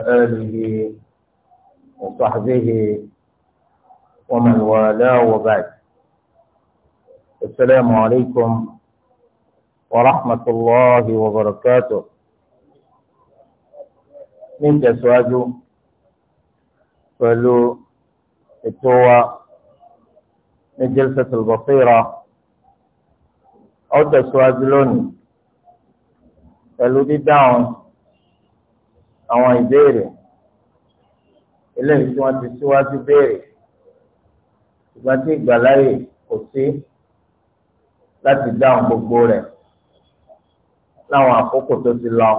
آله وصحبه ومن والاه وبعد السلام عليكم ورحمة الله وبركاته من تسواجه فلو التوى من جلسة البصيرة أو ó tẹ̀síwájú فلو دي داون àwọn ìbéèrè eléyìí tí wọ́n ti síwájú béèrè ìgbà tí ìgbàláyè kò sí láti dáhùn gbogbo rẹ̀ láwọn àkókò tó ti lọ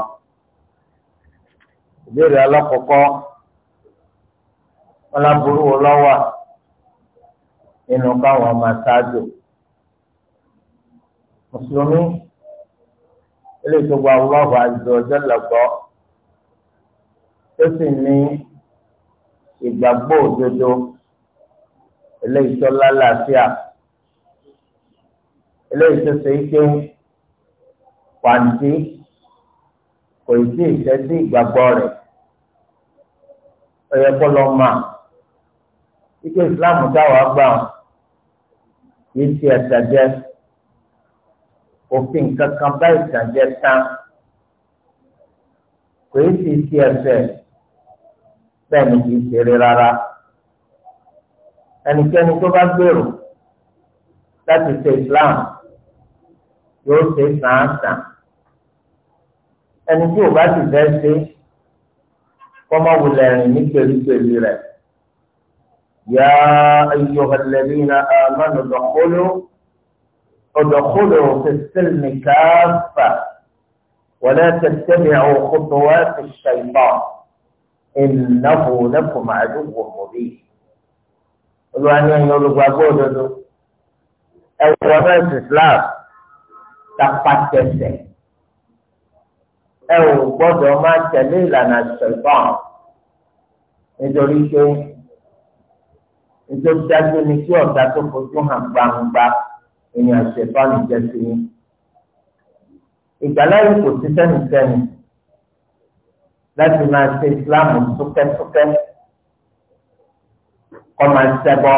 ìbéèrè alákọ̀ọ́kọ́ wọn láburú wo lọ́wọ́ nínú káwọn máa ṣáájò mùsùlùmí eléyìí tó gba ọlọ́ọ̀bù àjọ ọjọ́ lọ́gbọ́n ó sì ní ìgbàgbọ́ òdodo eléyìí tó lálàáfíà eléyìí tó ṣe é pé pàǹtí kò sí ìṣẹ́sí ìgbàgbọ́ rẹ̀ ẹ̀yẹ kọ́ lọ mà ike Islam táwa gbà yìí ti ẹ̀sà jẹ́ òfin kankan bá ìtàn jẹ́ tán kò sí ti ẹ̀sẹ̀. bẹ́ẹ̀ kì í ṣeré rárá ẹnikẹ́ni tó bá gbèrò láti ṣe Islam yóò ṣe sàǹsàn ẹni tí ò bá ti fẹ́ ṣe kọ́mọ́wulẹ̀ rìn ní pèlúpèlú rẹ̀ yá ayo ayyuhalladhina amanu udkhulu udkhulu fi silmi kaffa wa la tattabi'u khutuwati ash-shaytan. ìnáwó lẹ́kùn máa dúpọ̀ mọ́bí. olúwa ní ẹ̀yin olùgbàgbọ́ òdodo ẹ̀wọ̀n náà islam tapatẹsẹ̀ ẹ ò gbọ́dọ̀ máa tẹ̀lé ìlànà ṣẹ̀fọ́n nítorí pé nítorí dájú ni kí ọ̀gá tó fojú hàn gbangba ìyàn ṣẹ̀fọ́n jẹ́ ìgbàláyé kò sí sẹ́nìkẹ́ni láti máa ṣe ìsìláàmù súkẹ́súkẹ́ kọ́ máa ṣẹbọ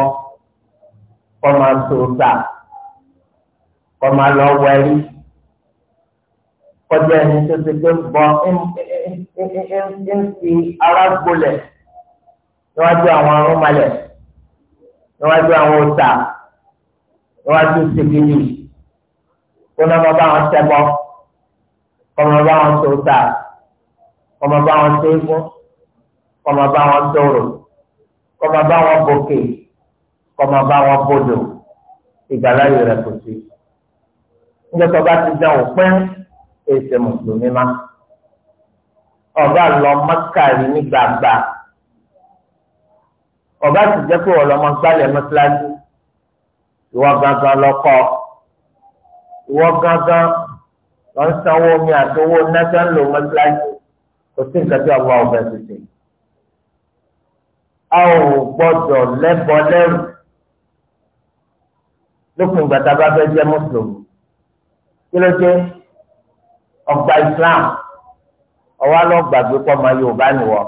kọ́ máa sòòtà kọ́ máa lọ wẹ̀rí kọjá ẹni tó ti gbé bọ́ ń fi ara gbolẹ̀ níwájú àwọn arúmalẹ̀ níwájú àwọn ọ̀tà níwájú sìgìdì kó náà máa bá wọn ṣẹbọ kọ́ máa bá wọn sòòtà kọ́mọ bá wọn ṣe é fún kọ́mọ bá wọn dọ̀rọ̀ kọ́mọ bá wọn bòkè kọ́mọ bá wọn bodò ìgbàláyè rẹ̀ kò sí. níjẹ́ tó bá ti dán òpin èsè mùsùlùmí má. ọba lọ mọ́kàrí ní gbàgbà ọba sì jẹ́ pé ọlọ́mọ gbálẹ̀ mọ́sálásí ìwọ gangan lọ́kọ́ ìwọ gangan lọ́n sanwó omi àtọwọ́ náà sẹ́ńlò mọ́sálásí kò sí nǹkan tí àwọn ọ̀fẹ́ ti sè. a ò gbọ́dọ̀ lẹ́bọ lẹ́rù lópin ìgbà tá a bá fẹ́ jẹ́ mùsùlùmí kí ló dé ọgbà Islam ọwọ́ alọ́ gbàgbé pọ̀ mọ́ Yorùbá nìwọ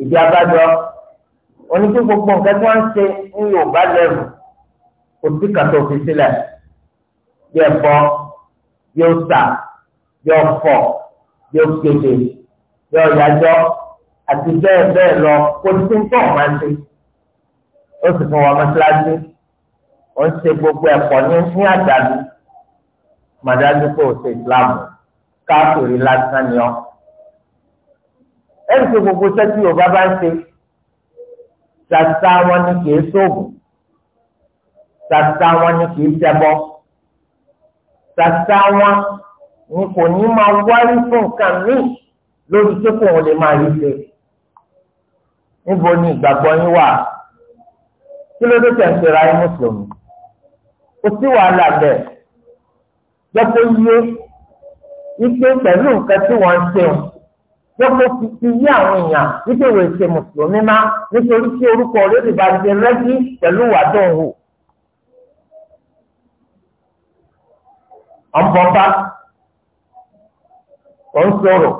ìdí abájọ oníkí gbogbo nǹkan tí wọ́n ń ṣe ń Yorùbá lẹ́rù kò sí kàtó fi sílẹ̀ bí ẹ̀fọ́ bí ó sà bí ọ̀fọ̀ yóò kéde yóò yájọ́ àti bẹ́ẹ̀ bẹ́ẹ̀ lọ kó tí ń tọ̀ máa ń ṣe ó sì fún wọn mọ́ṣáláṣí ó ń ṣe gbogbo ẹ̀kọ́ ní ní àdàlù màdájú pé ó ṣe ìsìláàmù káàkiri lásán ni ọ. ẹ̀rí pé gbogbo sẹ́tì yorùbá bá ń ṣe ṣàṣà wọn ni kì í ṣoògùn ṣàṣà wọn ni kì í ṣẹbọ ṣàṣà wọn ni kò ní máa wárí fún nǹkan míì lórí tó kò lè máa rí ṣe níbo ni ìgbàgbọ́ yín wà kí ló dé tẹ̀síra yín mùsùlùmí kò sí wàhálà bẹ́ẹ̀ jẹ́pọ̀ yé ike pẹ̀lú nǹkan tí wọ́n ń ṣe jẹ́pọ̀ ti yé àwọn èèyàn wípé wòye ṣe mùsùlùmí má nítorí tí orúkọ rẹ̀ lè bá ṣe rẹ́jí pẹ̀lú wà tó ń hù. ọ̀npọ̀npá ọ̀ ń sọ̀rọ̀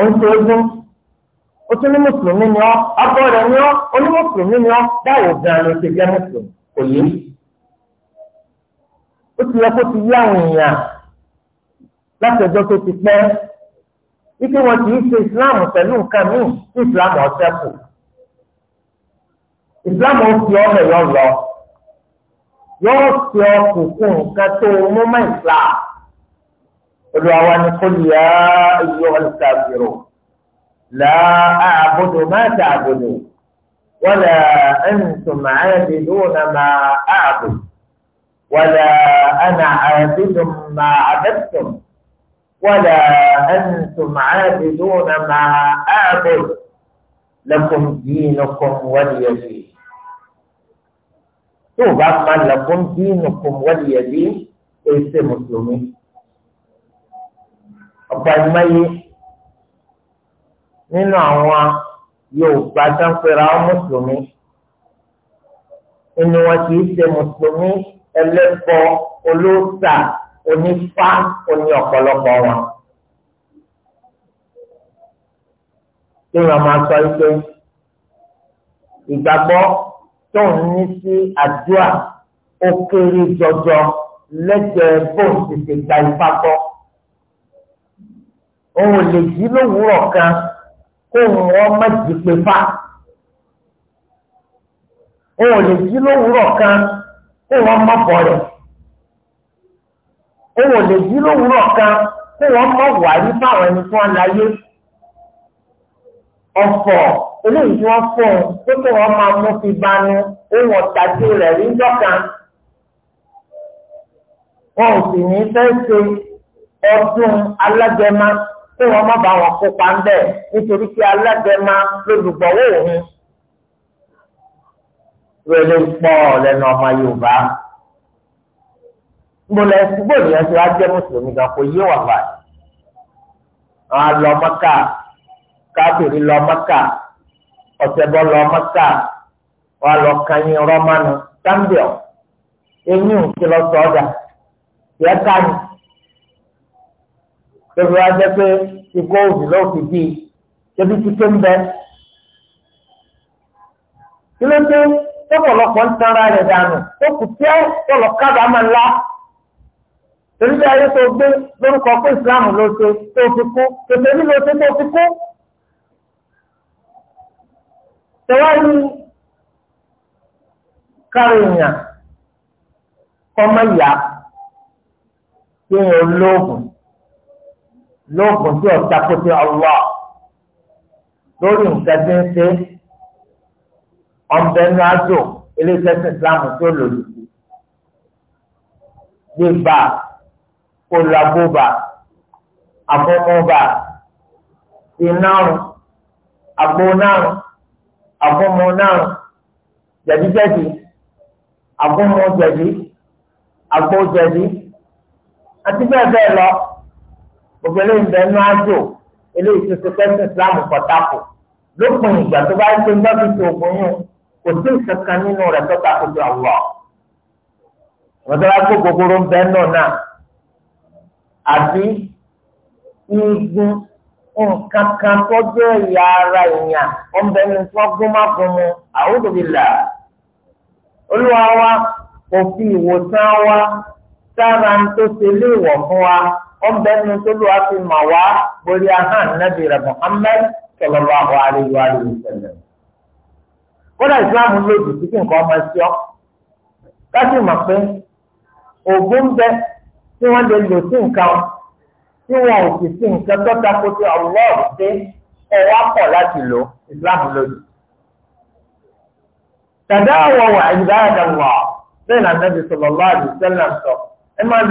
ọ̀ ń sọ ogún ó tún ní mùsùlùmí ni ọ́ abọ́ rẹ̀ ni ọ́ onímùsùlùmí ni ọ́ báwo gan-an ló ti jẹ́ mùsùlùmí kò yé ó ti yẹ kó ti yé àwọn èèyàn láti ọjọ́ tó ti pẹ́ wípé wọn kì í ṣe islam pẹ̀lú nǹkan míì tí islam ọ̀sẹ̀ kù islam ó fi ọ̀rẹ́ yọ lọ yọ ọ́ fi ọkùnkùn nǹkan tó mú mọ́ islam. قلوا أواني قل يا أيها الكافرون لا أعبد ما تعبدون ولا أنتم عابدون ما أعبد ولا أنا عابد ما عبدتم ولا أنتم عابدون ما أعبد لكم دينكم ولي دين توبا لكم دينكم ولي دين ليس إيه مسلمين ọ̀pọ̀ àìmọye nínú àwọn Yorùbá sánpẹ̀rẹ̀ àwọn mùsùlùmí inú wọn kì í ṣe mùsùlùmí ẹlẹ́bọ olóòṣà onífá oní ọ̀pọ̀lọpọ̀ wọn. Kí wọ́n máa sọ ike ìgbàgbọ́ tó ń ní sí àdúrà ó kéré jọjọ lẹ́gbẹ̀ẹ́ bóun ti ṣe gba ipá kọ́ òun lè jí lówùúrọ̀ kan kó wọn má jí pé fa òun lè jí lówùúrọ̀ kan kó wọn má bọ̀ rẹ̀ òun lè jí lówùúrọ̀ kan kó wọn má wà ní fáwọn ẹni tó ń láyé ọ̀fọ̀ eléyìí tí wọ́n fún un tó kí wọ́n máa mú fi banú ohun ọ̀tàjú rẹ̀ rí dọ́kan wọn ò sì ní fẹ́ ṣe ọdún alágẹmá pé wọn má bá wọn kópa ń bẹ nítorí pé alágbẹ̀má lólùgbọ̀wọ́ òun rẹlẹ pọ̀ lẹ́nu ọmọ Yorùbá mo lẹ síbò nìyẹn tí wàá jẹ mùsùlùmí kan kò yé wà báyìí àwọn alọ mọkà káfíìrì lọ mọkà ọ̀sẹ̀bọ lọ mọkà rọmánu sámbíọ eyín kí lọ sọ yẹ ká tẹ̀sí wa jẹ́ pé ikú òbí ló fi bí ebi ti ké ń bẹ. kí ló dé tọ́pọ̀lọpọ̀ ń tanra rẹ̀ dànù ó kù tí ó tọ̀lọ̀ kábàá máa la. torí bí ayé tó gbé lórúkọ pé Islam ló ṣe tó fi kú tètè ní ló ṣe tó fi kú. tẹ̀wáyé kárí èèyàn kọ́ mọ́ ìyá kí èèyàn lóògùn lóògùn tí ọ̀tá kó ti ọlọ́ lórí nǹkan tí ń ṣe ọ̀nbẹ́nu àjò iléeṣẹ́ sí Islam tó lòdì sí gbígbà olùlàbóbà àfọmọba ìnárùn àgbónárùn àfọmọnárùn jẹ̀díjẹ̀dí àfọmọjẹ̀dí àgbójẹ̀dí àti bẹ́ẹ̀ bẹ́ẹ̀ lọ gbogbo eléyìí bẹ nú àjò eléyìí tó ṣe fẹsẹ ìsìláàmù pọtàkù lópin ìgbà tó bá ṣe ń bá fi ṣe ògùn yún kò sí ìkankan nínú rẹ̀ tó ta kojú àwọ wọn tó bá kó gbogbooro ń bẹ nù náà àbí igun nǹkan kan tó jẹ́ ìyá ara èèyàn ó ń bẹ ní tí gún má gun mu a'udhu billah olúwa wa kò ìwòsàn wa sára ń tó ṣe léèwọ̀ fún wa. ọ̀nbẹ́nu tó lù wá fi mà wá borí ahán nàbì rẹ̀ Muhammad sallallahu alaihi wa sallam. kódà ìsìláàmù lòdì sí kí nǹkan ọmọ ẹsẹ̀ ọ́ káṣí mọ̀ pé bẹ tí wọ́n lè lò sí nǹkan tí wọn ò sì sí nǹkan tí pọ̀ láti lò tàdá àwọn wà ìgbà àdàwọ̀ bẹ́ẹ̀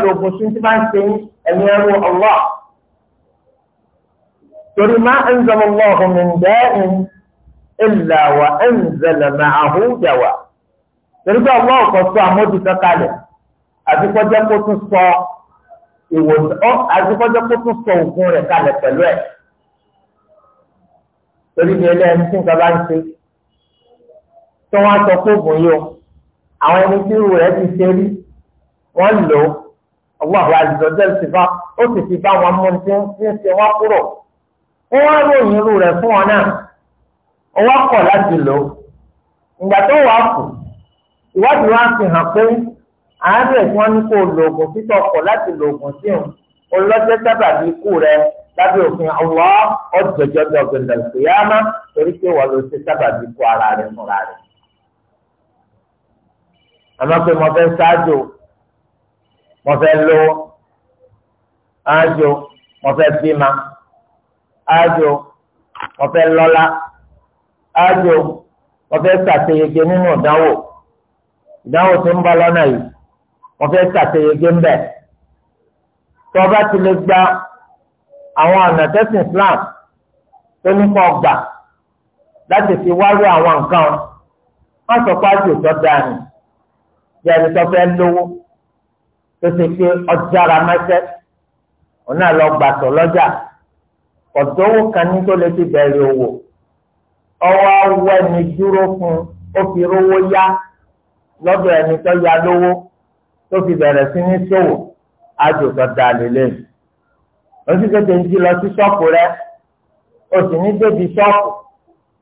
lo tí ẹ̀mí ẹrú ọlọ́ torí máa ń zọmọ lọ́ọ̀hún ní bẹ́ẹ̀ ìlà wà ń zẹlẹ̀ máa hù jẹ̀wà torí pé ọlọ́ ọ̀kọ̀ sọ àmójútó kalẹ̀ àti kọjá kó tún sọ ìwòsàn àti kọjá kó tún sọ òògùn rẹ̀ kalẹ̀ pẹ̀lú ẹ̀ torí ní ẹlẹ́yìn tí nǹkan bá ń ṣe tí wọ́n á sọ fóògùn yìí o àwọn ẹni tí irú rẹ̀ ti ṣe rí wọ́n lò ó. Allahu azza wa jalla ti bá ó sì ti bá wọn mú tí ń ṣe wọ́n kúrò. Wọ́n wá ròyìn irú rẹ̀ fún wọn náà. Ọwọ́ kọ̀ láti lò ó. Ìgbà tó wàá kù, ìwádìí wa fi hàn pé àárẹ̀ tí wọ́n ní kó lo oògùn títọ̀ kọ̀ láti lo oògùn sí òun. Olọ́jẹ́ sábà bí ikú rẹ̀ lábẹ́ òfin ọwọ́ ọ̀dọ̀jọ́ bí ọ̀gbìnlẹ̀ ìṣòyámá torí pé wọ́n ló ṣe sábà bí ikú ara rẹ̀ fúnra rẹ̀. Àmọ́ pé mo fẹ́ ṣáájú mo fẹ́ lówó ájò mo fẹ́ bímá ájò mo fẹ́ lọ́lá ájò mo fẹ́ ṣàṣeyege nínú ìdánwò ìdánwò tó ń bá lọ́nà yìí mo fẹ́ ṣàṣeyege ńbẹ̀ tó bá ti lè gba àwọn ọ̀nà tẹ́sìn Islam tó ní kọ́ gbà láti fi wárú àwọn nǹkan wọ́n sọ pé àjò tó ni bí ẹni tó fẹ́ lówó tó ṣe pé ọjàra mẹ́sẹ̀ ọ̀nà lọ gbàtọ̀ lọ́jà ọ̀dọ́wọ́ kan ní tó lè ti bẹ̀rẹ̀ òwò ọwọ́ awọ ẹni dúró fún ó fi rówó yá lọ́dọ̀ ẹni tó ya lówó tó fi bẹ̀rẹ̀ sí ní ṣòwò àjòkọ̀ dalẹ̀ lẹ́yìn òṣìṣẹ́ tó ń jí lọ sí ṣọ́ọ̀pù rẹ o sì ní débi ṣọ́ọ̀pù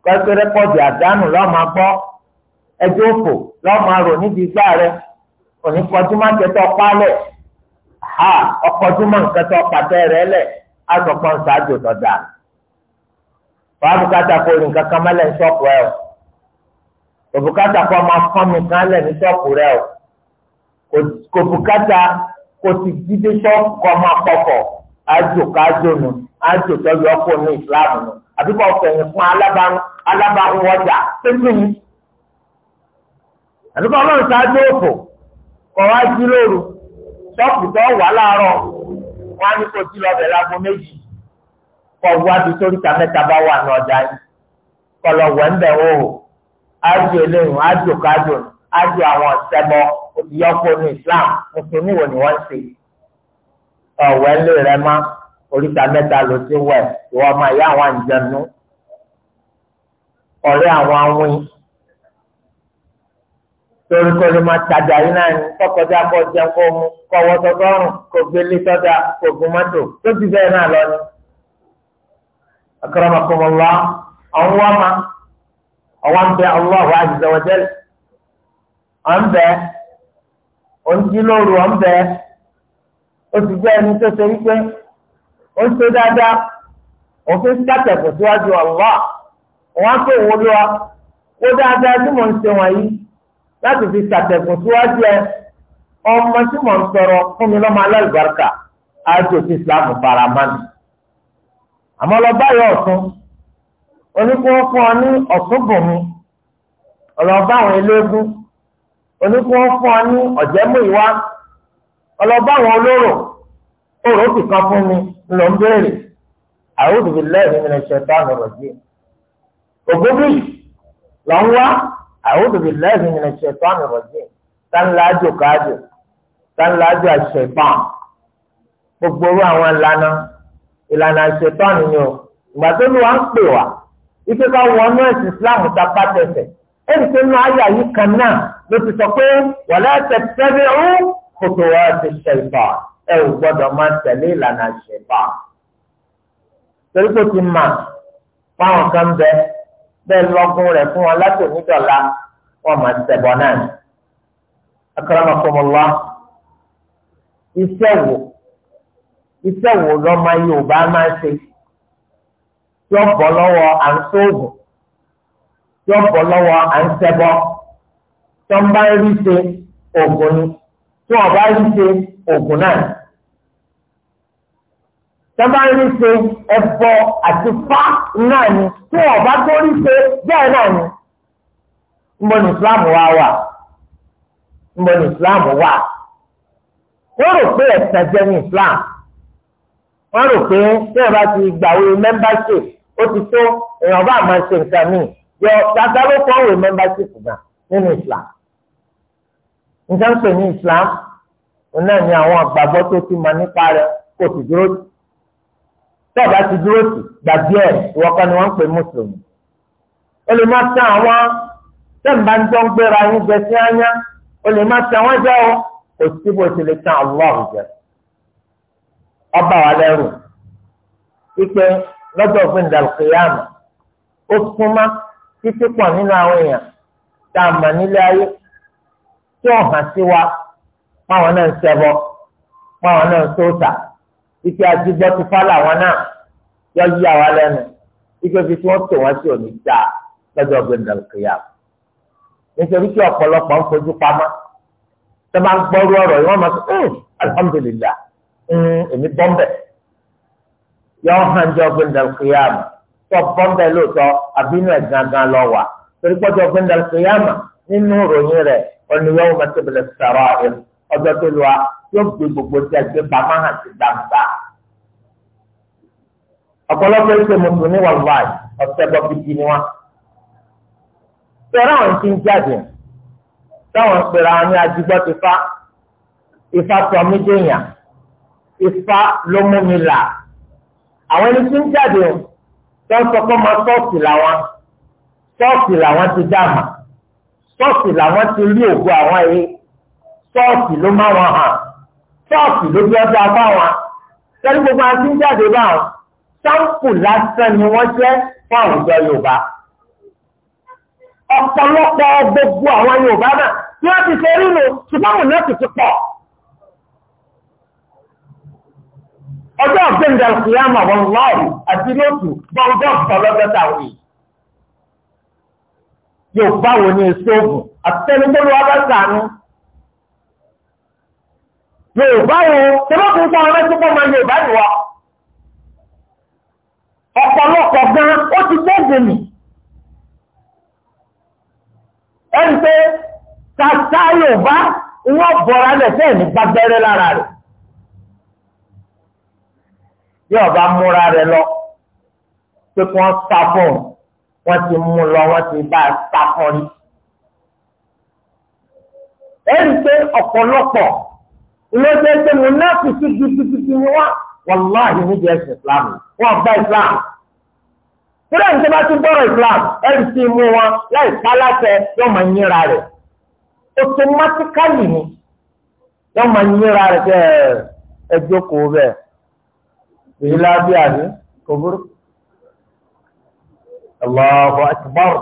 kọ́ẹ́kẹ́rẹ́ pọ̀jù àdánù lọ́ọ́ máa gbọ́ ẹjọ́ òfò lọ́ọ́ máa rò níbi igbá rẹ òní kọjúmọ́ kẹtọ́ pálẹ̀ ha ọkọjúmọ́ kẹtọ́ pàtẹ́ rẹ lẹ̀ azọ̀pọ̀ nṣáájú tọ́jà wàá bùkátà kó o nǹkan kan mẹ́lẹ̀ ní ṣọ́ọ̀pù rẹ o kò bùkátà kó o máa fọ́n mi kan lẹ̀ ní ṣọ́ọ̀pù rẹ o kò bùkátà kó o ti dídé ṣọ́ọ̀pù kó o máa pọ̀pọ̀ ájò kájò nù ájò tọ́jú ọkọ̀ ní ìsìláàmù nù àbí kò fẹ̀yìn fún alábàáwọ̀ ọjà pépé ni àbí kò ọlọ́run ṣáájú òfò kọ̀ wá jí lóru ṣọ́ọ̀pù tó wà láàárọ̀ wọn á ní kó jí lọ́bẹ̀ lágbo méjì kọ̀ wá bí sóríta mẹ́ta bá wà ní ọjà yìí kọ̀ lọ ó ájò eléyìn ájò kájò ájò àwọn ọ̀sẹ̀bọ òdìyọ́pọ̀ ní Islam mùsùlùmí wo ni wọ́n ń ṣe ọ̀wẹ́ ńlé rẹ má oríta mẹ́ta ló ti wẹ̀ ìwọ́n máa yá àwọn àǹjẹ̀nu ọ̀rẹ́ àwọn awin torí kọ́ ló máa tajà yín náà ni kọ́kọ́já kọ́ jẹun kó mu kọ́ wọ́tọ́ sọ́rùn kó gbélé sọ́dà kó gun mọ́tò tó ti bẹ́ẹ̀ náà lọ ni. ma àwọn ń bẹ wa jalla à ń bẹ òǹdí lóru à ń bẹ ó ti jẹ́ ẹni tó ṣe wípé ó ń ṣe dáadáa òfin láti fi ṣàtẹ̀kùn síwájú ẹ ọmọ tí mò ń sọ̀rọ̀ fún mi lọ́mọ alálùbáríkà àjò tí Islam fara mọ́ni. àmọ́ lọ báyọ̀ ọ̀tún oníkún fún ọ ní ọ̀tún bùnmi ọlọ́ba àwọn eléégún oníkún fún ọ ní ọ̀jẹ̀mú ìwá ọlọ́ba àwọn olóró òrò ti kan fún mi ló ń béèrè a'udhu billahi minash shaitani rajim ògúnbí lọ́n wá a'udhu billahi minash shaitanir rajim tánlájò kájò tánlájò àṣẹpàn gbogbo orú àwọn ìlànà ìlànà àṣẹpàn ni o ìgbà tó lù wá ń pè wá ike ká wọnú ẹ̀sìn islam ta pátẹsẹ̀ ẹni tó nù ayé àyè kan náà ló ti sọ pé wala tattabi'u khutuwati shaitan ẹ ò gbọ́dọ̀ máa tẹ̀lé ìlànà àṣẹpàn torí pé ti mà fáwọn kan bẹ́ẹ̀ bẹ́ẹ̀ lọ́gùn rẹ̀ fún wọn láti onídọ̀la wọn máa ṣẹ̀bọ̀ náà ni. akramakumullah iṣẹ́ wo iṣẹ́ wo lọ́mọ Yorùbá máa ṣe tí ó bọ̀ lọ́wọ́ à ń sóògùn tí ó bọ̀ lọ́wọ́ à ń ṣẹbọ tí wọ́n bá rí ṣe ògùn ni tí wọ́n bá rí ṣe ògùn náà tọ́ba ń rí ṣe ẹ̀fọ́ àti fá náà ni tí wọ́n bá tó rí ṣe bẹ́ẹ̀ náà ni. Nbọ ní Islam wá wà. Nbọ ní Islam wà. Wọ́n rò pé ẹ̀sìn jẹ́ ní Islam. Wọ́n rò pé tí wọ́n bá ti gbàwé membership ó ti tó èèyàn bá máa ṣe nǹkan míì yọ dáadáa ló kọ́ wé membership náà nínú Islam. Nǹkan pè ní Islam, òun náà ni àwọn àgbàgbọ́ tó ti mọ nípa rẹ̀ kò sì dúró tọ́ọ̀bá ti dúró sí gbàgbé ẹ̀ ìwọ́kọ́ ni wọ́n ń pè mùsùlùmí. o lè má tán àwọn tẹ́ǹbà ń tó ń gbéra yín jẹ sí ányá o lè má tán wọ́n jẹ́ o kò sí bó ti lè tán Allah jẹ. ọba wa lẹ́rù wípé lọ́jọ́ òfin ó súnmá títí pọ̀ nínú àwọn èèyàn tá a mọ̀ nílé ayé tí ó sí wa páwọn náà ń ṣẹbọ páwọn náà ń sóòtà ike adigbọ́ ti fá làwọn náà yọ yí àwa lẹ́nu ike fi tí wọ́n tò wọ́n sí òní dá lọ́jọ́ gbẹ̀ndàlù kìyà nítorí kí ọ̀pọ̀lọpọ̀ ń fojú pamọ́ tó bá ń gbọ́rú ọ̀rọ̀ yìí wọ́n máa sọ ọ́n alhamdulillah èmi bọ́m̀bẹ̀ yọ hàn jọ gbẹ̀ndàlù kìyà tó bọ́m̀bẹ̀ lóòótọ́ àbínú ẹ̀ gangan lọ wà torí pọ́jọ́ gbẹ̀ndàlù kìyà nínú ìròyìn rẹ̀ ọ̀nìyàn ọmọ tẹ̀bẹ̀lẹ̀ sàrọ̀ ọjọ́ tó lọ́wọ́ yóò gbé gbogbo tí a gbé pamọ́ hàn sí dáadáa ọ̀pọ̀lọpọ̀ ẹsẹ̀ mùsùlùmí wà báyìí ọ̀sẹ̀ bọ́kìtì ni wọ́n. sẹ́ráwọn ti ń jáde táwọn pèrè àwọn ní adigbọ́ ti fa ifá tó mi dèèyàn ifá ló mú mi là àwọn ẹni tí ń jáde tó ń sọ pé ọmọ ṣọ́ọ̀ṣì làwọn ṣọ́ọ̀ṣì làwọn ti dáàmà ṣọ́ọ̀ṣì làwọn ti rí ògo àwọn yìí ṣọ́ọ̀ṣì ló má wọn hàn ṣọ́ọ̀ṣì ló bí ọjà bá wọn sẹ́ni gbogbo àti ń jáde báwọn sáǹpù lásán ni wọ́n jẹ́ fún àwùjọ Yorùbá ọ̀pọ̀lọpọ̀ gbogbo àwọn Yorùbá náà tí wọ́n ti ṣe ríro ṣùgbọ́n àwọn náà ti ti pọ̀ ọjọ́ ọ̀gbẹ́ndà kìlámà wọn lọ́ọ̀rù àti lóòtù gbọ́ngàn ọ̀lọ́gbẹ́ta wì Yorùbá wo ni ìṣòògùn àtẹnugbọ́n wa bá sànú Yorùbá wo tẹ́lọ́kùn sọ ọ̀rẹ́ tó pọ̀ mọ́ Yorùbá nìwọ̀n ọ̀pọ̀lọpọ̀ gan ó ti gbẹ́gbẹ̀ mi ẹni pé tata yorùbá wọ́n bọ̀ra lẹ̀ fẹ́ ní gbàgbẹ́rẹ́ lára rẹ̀ yóò bá múra rẹ̀ lọ pé kí wọ́n sá fún wọ́n ti mú lọ wọ́n ti bá a sá fún rí ẹni pé ọ̀pọ̀lọpọ̀ ló jẹ́ pé mo náà fi sí gidigidi ni wàláhì nídìí ẹ̀sìn islam wọn gba islam sílẹ̀ ní sẹ́bàá ti gbọ́rọ̀ islam ẹ̀rì sí imú wọn láì pálásẹ̀ yóò máa yínra rẹ̀ automatically ni yóò máa yínra rẹ̀ kẹ́ ẹ jókòó bẹ́ẹ̀ èyí lábẹ́ àní kò burú. Allahu akbar.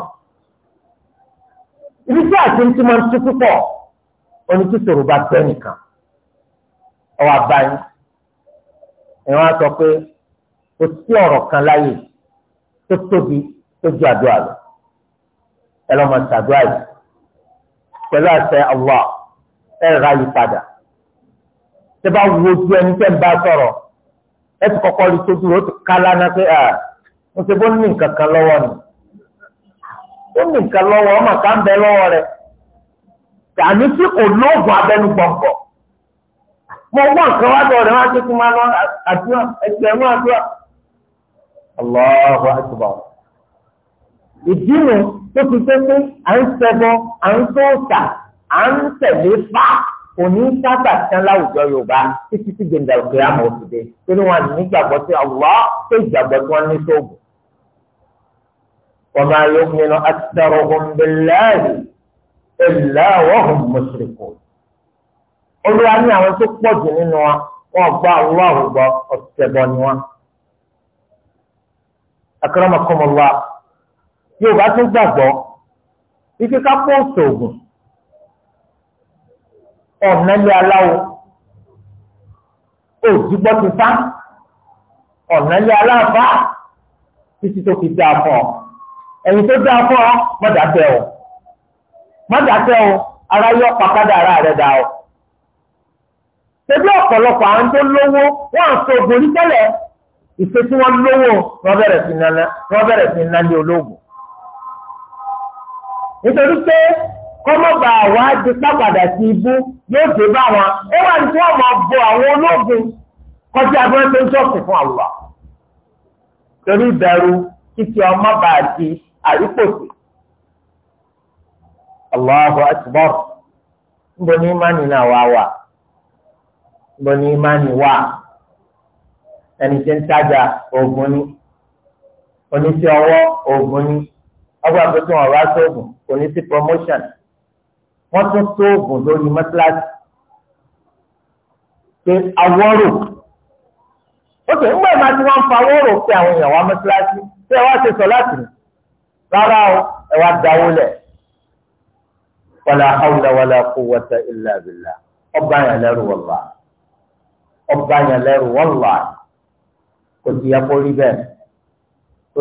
Ibi tí àti ń tí ń tú púpọ̀, oní tí sòrò bá tẹ́ nìkan, ọwọ́ àbáyé ẹ wá sọ pé kò sí ọ̀rọ̀ kan láyè tó tóbi tó ju àdúrà lọ ẹ lọ́ máa ṣàdúrà yìí pẹ̀lú àṣẹ Allah ẹ rà yí padà tẹ bá wo ojú ẹni tẹ́ ń bá sọ̀rọ̀ ẹ ti kọ́kọ́ rí tójú rẹ̀ ó ti ká lánàá pé à ń ṣe bó ní nǹkan kan lọ́wọ́ ni ó ní nǹkan lọ́wọ́ ọmọ kan bẹ lọ́wọ́ rẹ̀ tàbí tí kò lóògùn abẹnú mo gbọ́ nǹkan wá bọ̀ rẹ̀ wá tó tún máa lọ àdúrà ẹgbẹ̀rún àdúrà Allahu akbar ìdí nu tó fi pé pé à ń sẹ́gbọ́ à ń tó sà à ń tẹ̀lé fà òní sábà kan láwùjọ yorùbá títí tí gbèǹdà òkè àmọ́ òfìdè tó ní wọn nígbàgbọ́ sí ọ̀wọ́ tó ìgbàgbọ́ tí wọ́n ní sóògùn. wa ma yu'minu aktharuhum billahi illa wa hum mushrikun olúwa ní àwọn tó pọ̀ jù nínú wa wọn gba àwòrán àwògbọ ọ̀sẹ̀bọ ni wọn. akramakumullah yorùbá tún gbàgbọ́ ike ká pọ̀ sóògùn ọ̀nà ilé aláwo òjúgbọ́ ti sá ọ̀nà ilé aláàbá títí tó fi dáa fún ọ ẹ̀yìn tó dáa fún ọ mọ̀dà tẹ ọ mọ̀dà tẹ ọ ara yọ pàkádà ara rẹ dà ọ. ṣebí ọ̀pọ̀lọpọ̀ àwọn tó lówó wọ́n àti ògòrí tẹ́lẹ̀ ìṣe tí wọ́n lówó wọ́n bẹ̀rẹ̀ sí nana wọ́n ológun. nítorí pé kọ́mọ́bà wa di pápádà sí ibú yóò dé bá wọn wà ní wọ́n máa bo Allahu ló ní ìmánì wà ẹni tí ń tajà oògùn ni oníṣẹ́ ọwọ́ oògùn ni ọgbà tó tún ọ̀rọ̀ aṣọ́gun kò ní sí promotion wọ́n tún sóògùn lórí mọ́tíláṣí pé awọ́rò ókè ńgbà ìmá tí wọ́n ń fa awọ́rò pé àwọn èèyàn wá mọ́tíláṣí tí ẹ wá ṣe sọ láti rìn rárá o ẹ wá dáwó lẹ̀ wàlà haúlà wàlà quwwata illa billah ọba yẹn lẹ́rù wọ̀lá ọba yẹn lẹ́rù wọ́lá kò sì yẹ kó rí bẹ́ẹ̀.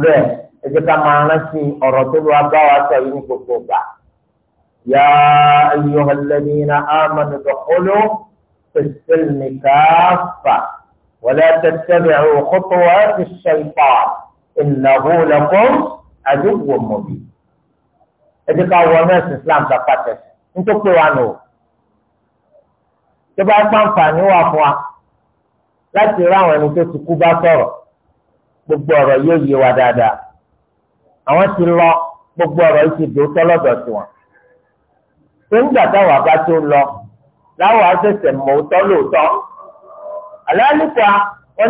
Rẹ̀ ẹ jẹ́ ká máa rántí ọ̀rọ̀ tó lọ́wọ́ bá wa sọ yìí ní gbogbo gbà. Yá ayyuhal ladhina amanu dkhulu fis-silmi kaffa wa la tattabi'u khutuwati ash-shaytan innahu lakum aduwwun mubin. Ẹ jẹ́ ká wọ nọ́ọ̀sì Islam ká pàtẹ́ nítorí wa nù. Tó bá gbàǹfààní wà fún wa láti rá àwọn ẹni tó ti kú bá sọ̀rọ̀ gbogbo ọ̀rọ̀ yóò yé wa dáadáa àwọn ti lọ gbogbo ọ̀rọ̀ yìí ti dòótọ́ lọ́dọ̀ tiwọn tó ń gbà táwọn abá tó lọ láwọn àṣẹṣẹ mọ̀ọ́tọ́ lóòótọ́ àlẹ́ nípa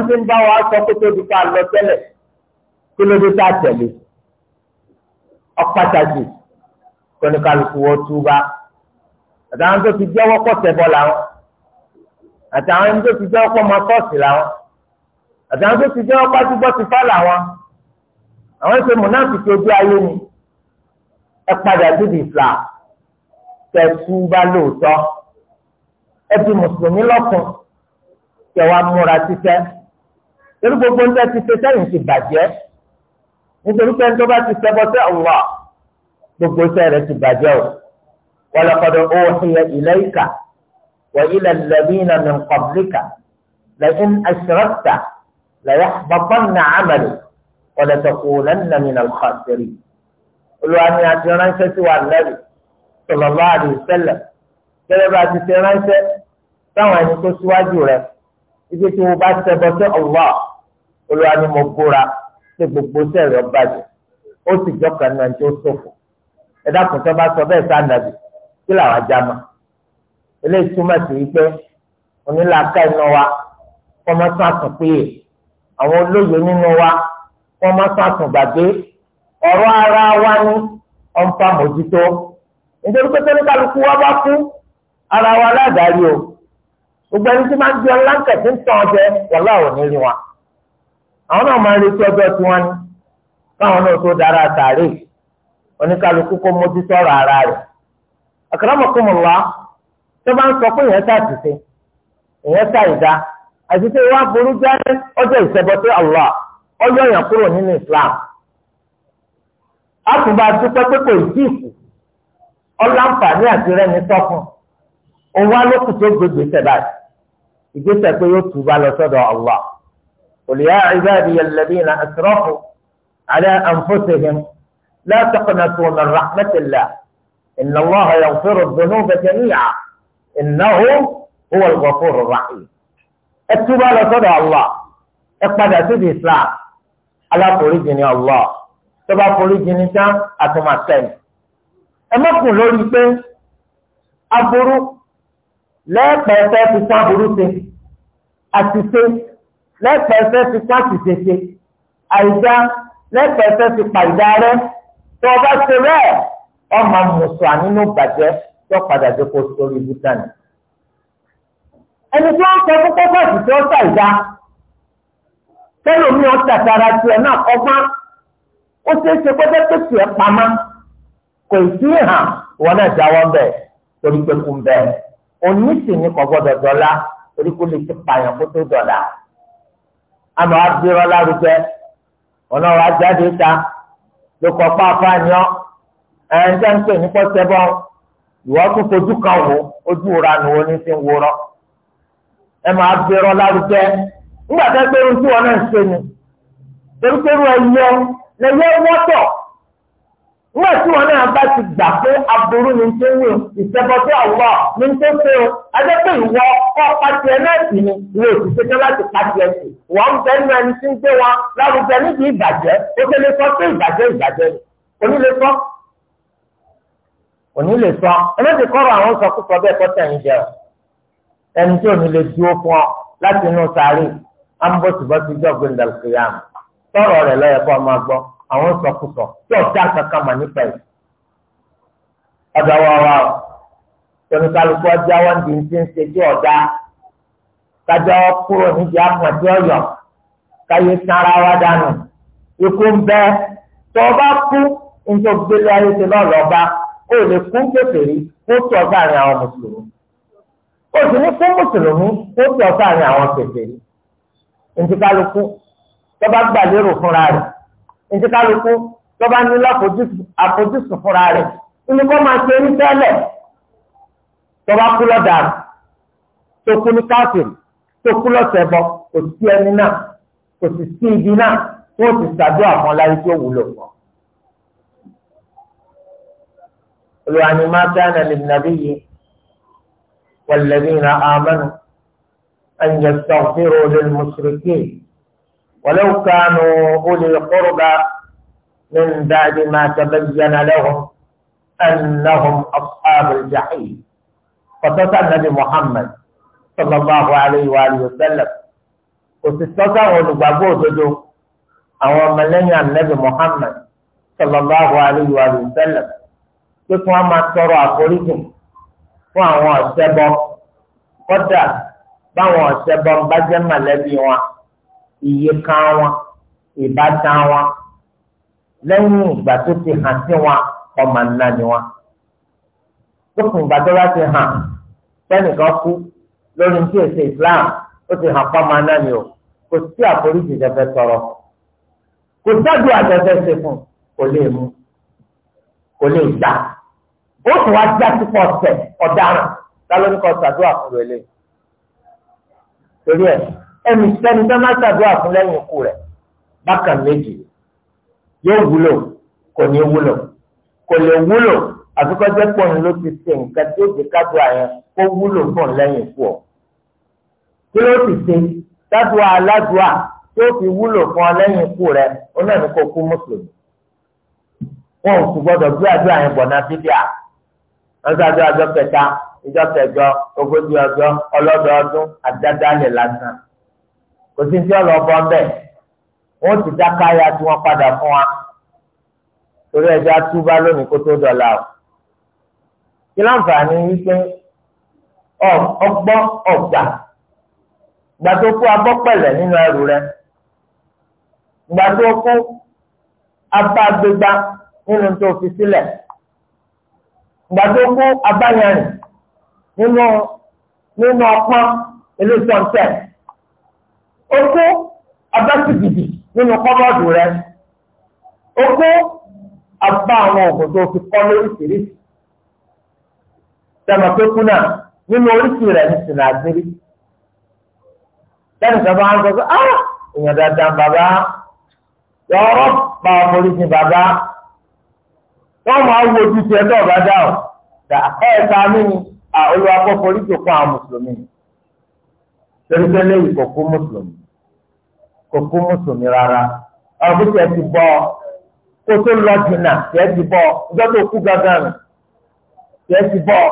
ti ń bá wa sọ pé tó di ká tẹ́lẹ̀ kí ló dé tá a tẹ̀lé ọ̀pàtàkì kọ́ni kálukú wọ́n túbá àtàwọn tó ti jẹ́wọ́ pọ̀ tẹ́bọ̀ làwọn àtàwọn ẹni tó ti jẹ́ ọkọ ọmọ tọ́ọ̀sì làwọn àtàwọn tó ti jẹ́ ọkọ àtúbọ̀ ti fà làwọn àwọn ṣe mùnáfíkì ojú ayé ni ẹ padà síbi Islam tẹ̀sù bá lóòótọ́ ẹ fi mùsùlùmí lọ́kùn kẹwàá múra títẹ́ torí gbogbo ń tẹ́ ti ṣe sẹ́yìn ti bàjẹ́ nítorí pé ń tó bá ti ṣẹbọ sí Allah gbogbo iṣẹ́ rẹ̀ ti bàjẹ́ o wa laqad uhiya ilayka. وإلى الذين من قبلك لئن أشركت ليحبطن عملي ولتكونن من الخاسرين olùwàmí àti ránṣẹ́ sí wa lẹ́rìí sallallahu alaihi wasallam gẹ́gẹ́ bá ti ṣe ránṣẹ́ táwọn ẹni tó síwájú rẹ̀ ibi tí wọ́n bá ṣẹbọ sí Allah olùwàmí mo búra ṣe gbogbo sẹ́ẹ̀rì ọ̀bàjẹ́ ó sì jọ́kàn náà tó ṣòfò ẹ̀dá kùtọ́ bá sọ bẹ́ẹ̀ sáà nàbì kí làwọn ajá máa eléyìí túmọ̀ sí wípé onílàákà iná wa kọ́ mọ́ sàtún péye àwọn olóye nínú wa kọ́ mọ́ sàtún gbàgbé ọ̀rọ̀ ara wa ní ọ̀npá mójútó nítorí pé tẹ́lẹ̀ kálukú wa bá kú ara wa ládàárí o gbogbo ẹni tí máa ń di ọ̀la ń tẹ̀sí ń tàn jẹ wọ́lá ò ní rí àwọn náà máa ń retí ọjọ́ tí wọ́n ní káwọn náà tó dára sàárè oníkálukú kó mójútó ọ̀rọ̀ ara rẹ̀ àkàrà mọ̀kúmọ̀lá tó bá ń sọ pé èèyàn ṣàtúnṣe èèyàn ṣàìdá àti pé wá burú jẹ́ ọjọ́ ìṣẹ́bọ sí Allah èèyàn kúrò nínú Islam a tún pé kò sí ìkù ọláǹfààní àti rẹ́ni sọ́kùn òun wá lókù tó gbégbèsè báyìí ìgbésẹ̀ pé yóò tù bá lọ sọ́dọ̀ Allah qul ya ibadiya alladhina asrafu ala anfusihim la taqnatu min rahmatillah inna Allaha yaghfiru dhunuba jami'a innahu huwa al-ghafur ar-rahim ẹ túbọ̀ lọ sọ́dọ̀ Allah ẹ padà sí di Islam aláforíjì ni Allah tó bá foríjì ni tán àtúmọ̀sẹ́yìn ẹ mọ̀kùn lórí pé aburú lẹ́ẹ̀pẹ̀ẹ́fẹ́ ti sá burú ṣe àtìṣe lẹ́ẹ̀pẹ̀ẹ́fẹ́ ti sá àtìṣe ṣe àìdá ti pàìdá rẹ tó o bá ṣe bẹ́ẹ̀ ọmọ mùsùlùmí nínú bàjẹ́ yọ padà jẹ kó sórí bhutan. ẹni tí wọ́n sọ fún pọ́pọ́ọ̀tì tí wọ́n sà ìdá tẹ́lẹ̀ mi ọ̀ tàtàrà tiẹ̀ náà ọgbọ́n ó ṣeé ṣe pé pé tiẹ̀ pamọ́ kò sí hàn wọn náà jáwọ́ bẹ̀ torí pé kú bẹ̀ òní sì ní kò gbọ́dọ̀ dọ́là torí kó lè ti pààyàn kó tó dọ́là àmọ́ abirọ́ lárugẹ ọ̀nà ọ̀rọ̀ ajáde ta ló kọ́ pàápàá yan ẹ̀ ń jẹ́ ń pè ní pọ́sẹ́bọ́n ìwọ́n tún fojú kan wò ojú ra ni wọ́n ní sí ń wúrọ́ ẹ máa bẹ̀rọ lárugẹ nígbà tó gbé irun tí wọn náà ń ṣe ni torí pé irú ẹyẹ lẹyẹ wọ́tọ̀ nígbà tí wọn náà bá ti gbà pé aburú ni tó ń wù ìṣẹ́bọ̀tò àwọ̀ ni tó ṣe o ajẹ́ pé ìwọ kọ́ pàṣẹ náà sì ni ìwé òṣìṣẹ́ tó láti pàṣẹ sí wọ́n ń bẹ́ẹ̀ náà ní tí ń gbé wọn lárugẹ níbi ìbàjẹ́ ó tẹ́lẹ̀ sọ pé ìbàjẹ́ ìbàjẹ́ ni onílé sọ òní lè sọ ẹlẹ́sìn kọ́rọ̀ àwọn sọkúsọ bẹ́ẹ̀ kọ́ tẹ̀yìn jẹ o ẹni tí òní lè dúró fún ọ láti inú sáré á ń bọ́sibọ́sí jọ́gbìn dàlùkìyàmù tọrọ rẹ lọ́yẹ kọ́ máa gbọ́ àwọn sọkúsọ tí ọ̀dà kankan mà nípa ẹ̀ ọ̀dà wa wa o tẹnu kálukú ọjà wọn di ti ń ṣe tí ọ̀dà kájà wọn kúrò níbi àpọ̀tí ọ̀yọ́ káyé sára wa dànù ikú ń bẹ tọ́ ọ bá kú nítorí ó lè kún kèfèrí kó tó sáàrin àwọn mùsùlùmí ó sì ní fún mùsùlùmí kó tó sáàrin àwọn kèfèrí ntikaluku tọba gbàlérò fúnra rẹ̀ ntikaluku tọba nílò àfojúsùn fúnra rẹ̀ inú kọ́ máa ṣe ní tẹ́lẹ̀ tọba kú lọ́dà tó kú ní káfíìn tó kú lọ́sẹ̀ bọ kò sí ẹni náà kò sì sí ibi náà tó ti ṣàdúrà fún ọ láyé tó wúlò fún ọ. يعني ما كان للنبي والذين آمنوا أن يستغفروا للمشركين ولو كانوا أولي القربى من بعد ما تبين لهم أنهم أصحاب الجحيم فتسى النبي محمد صلى الله عليه وآله وسلم وستسى ونبابوته أو من لن النبي محمد صلى الله عليه وآله وسلم pé kí wọ́n máa tọrọ àforíjì fún àwọn ọ̀sẹ̀bọ kọ́dà báwọn ọ̀sẹ̀bọ ń bá jẹ́ mọ̀lẹ́bí wọn iye kan wọn ìbátan wọn lẹ́yìn ìgbà tó ti hàn sí wọn ọmọ nná ni wọn. lókùn ìgbà tó bá ti hàn sẹ́nìkan kú lórí ní èsì Islam ó ti hàn pọ́nmọ́ náà ni o kò sí àforíjì tẹ́fẹ́ tọrọ kò sáàdù àtẹ́fẹ́ ṣe fún kò lè mú kò lè gbà ó sì wá já sípò ọ̀sẹ̀ ọ̀daràn lálọ́ní kan ṣàdúrà fún rẹ̀ lé torí ẹ ẹnì sẹ́ni tó máa ṣàdúrà fún lẹ́yìn ikú rẹ̀ bákan méjì yóò wúlò kò ní wúlò kò lè wúlò àfikọ́jẹ́ pọ̀ ní ló ti ṣe nǹkan tí ó di kádùá yẹn kó wúlò fún lẹ́yìn ikú ọ kí ló ti ṣe kádùá aládùá tí ó fi wúlò fún ọ lẹ́yìn ikú rẹ̀ ó náà ní kó kú mùsùlùmí wọn ò sì gbọdọ̀ gbé àdúrà yẹn bọ̀ náà síbi à wọn sọ àdúrà ọjọ́ kẹta ìjọ kẹjọ ogójì ọjọ́ ọlọ́dọọdún àdádálẹ̀ lásán kò sí ti ọlọ bọ mbẹ wọn ti dáká ya tí wọn padà fún wa torí ẹjọ atúbá lónìí kó tó dọ̀là o kí láǹfààní wípé ọgbọ́n ọ̀gbà gbà tó kó abọ́ pẹ̀lẹ̀ nínú ẹrù rẹ̀ gbà tó kó abá gbégbá. nínú tó fi sílẹ̀ ìgbà tó kú abáyẹrin nínú nínú ọpọ́n eléṣọ́ ntẹ̀ ó kú abẹ́sìgìdì nínú kọ́bọ́ọ̀dù rẹ̀ ó kú abá àwọn oògùn tó fi kọ́ lóríṣiríṣi tẹ̀mọ̀ tó kú náà nínú oríṣi rẹ̀ ah, bàbá bá ọmọ oríṣi wọ́n máa wo ojúṣe ẹgbẹ́ ọ̀gá dáhùn dà ẹ̀ka olúwa àwọn mùsùlùmí kò kú mùsùlùmí kò kú mùsùlùmí rárá tí ẹ ti bọ́ kó tó lọ jìnnà tí ẹ ti bọ́ ọjọ́ tó kú gángan tí ẹ ti bọ́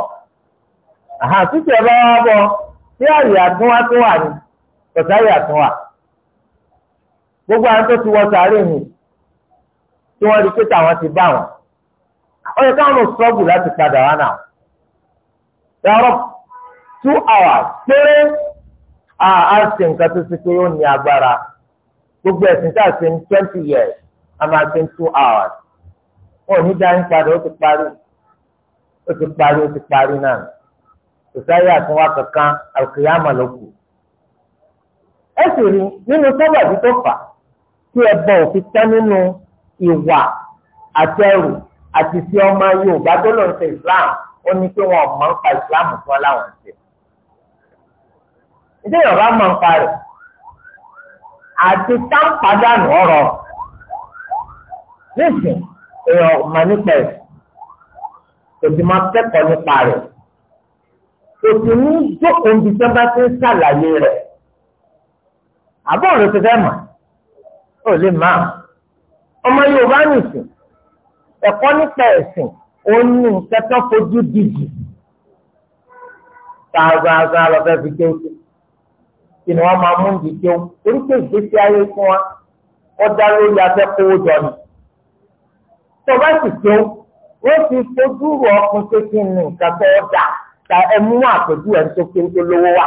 àtúntì ẹ bá wá bọ́ tí àyè àtúnwá tó wà gbogbo àwọn tó ti wọ sàárè mi tí wọ́n pé ti bá ó yẹ káwọn sọ́ọ̀bù láti padà wá náà yàrá two hours péré a ṣe nǹkan tó ṣe pé ó ní agbára gbogbo ẹ̀sìn tá a ṣe ní twenty years a máa ṣe ní two hours wọn ò ní dá yín padà ó ti parí ó ti parí ó ti parí náà kò sáyé àtúnwá kankan àkìyàmà ló kù ẹ sì rí nínú sábàbí tó fà kí ẹ bọ òfin tán nínú ìwà àtẹrù àti sí ọmọ Yorùbá tó lọ ṣe Islam ó ní pé wọn mọ̀ ń pa Islam fún aláwọn ṣe. ìdí Yorùbá mọ̀ ń pa rẹ̀ àti táǹpádànù ọ̀rọ̀ nísìn èèyàn mọ̀ nípa ẹ̀ kò sì máa kẹ́kọ̀ọ́ nípa rẹ̀ kò sì ní jókòó ibi tí wọ́n bá ti ń ṣàlàyé rẹ̀ àbọ̀ rẹ̀ ti fẹ́ mọ̀ ó lè máa ọmọ Yorùbá nìsín ẹ̀kọ́ nípa ẹ̀sìn ó ní nǹkan tó fojú dìjì tààzàzà lọ́fẹ́ fi jẹ́ òkè kí ni wọ́n máa mú ìdí jẹun torí pé ìgbésí ayé fún wa ó dá lórí afẹ́ kówó jọ ni tó bá sì jẹun wọ́n ti fojú rọ ọkùnrin pé kí ni nǹkan tó dà ta ẹ mú àpèjú ẹ̀ tó kí n tó lówó wá.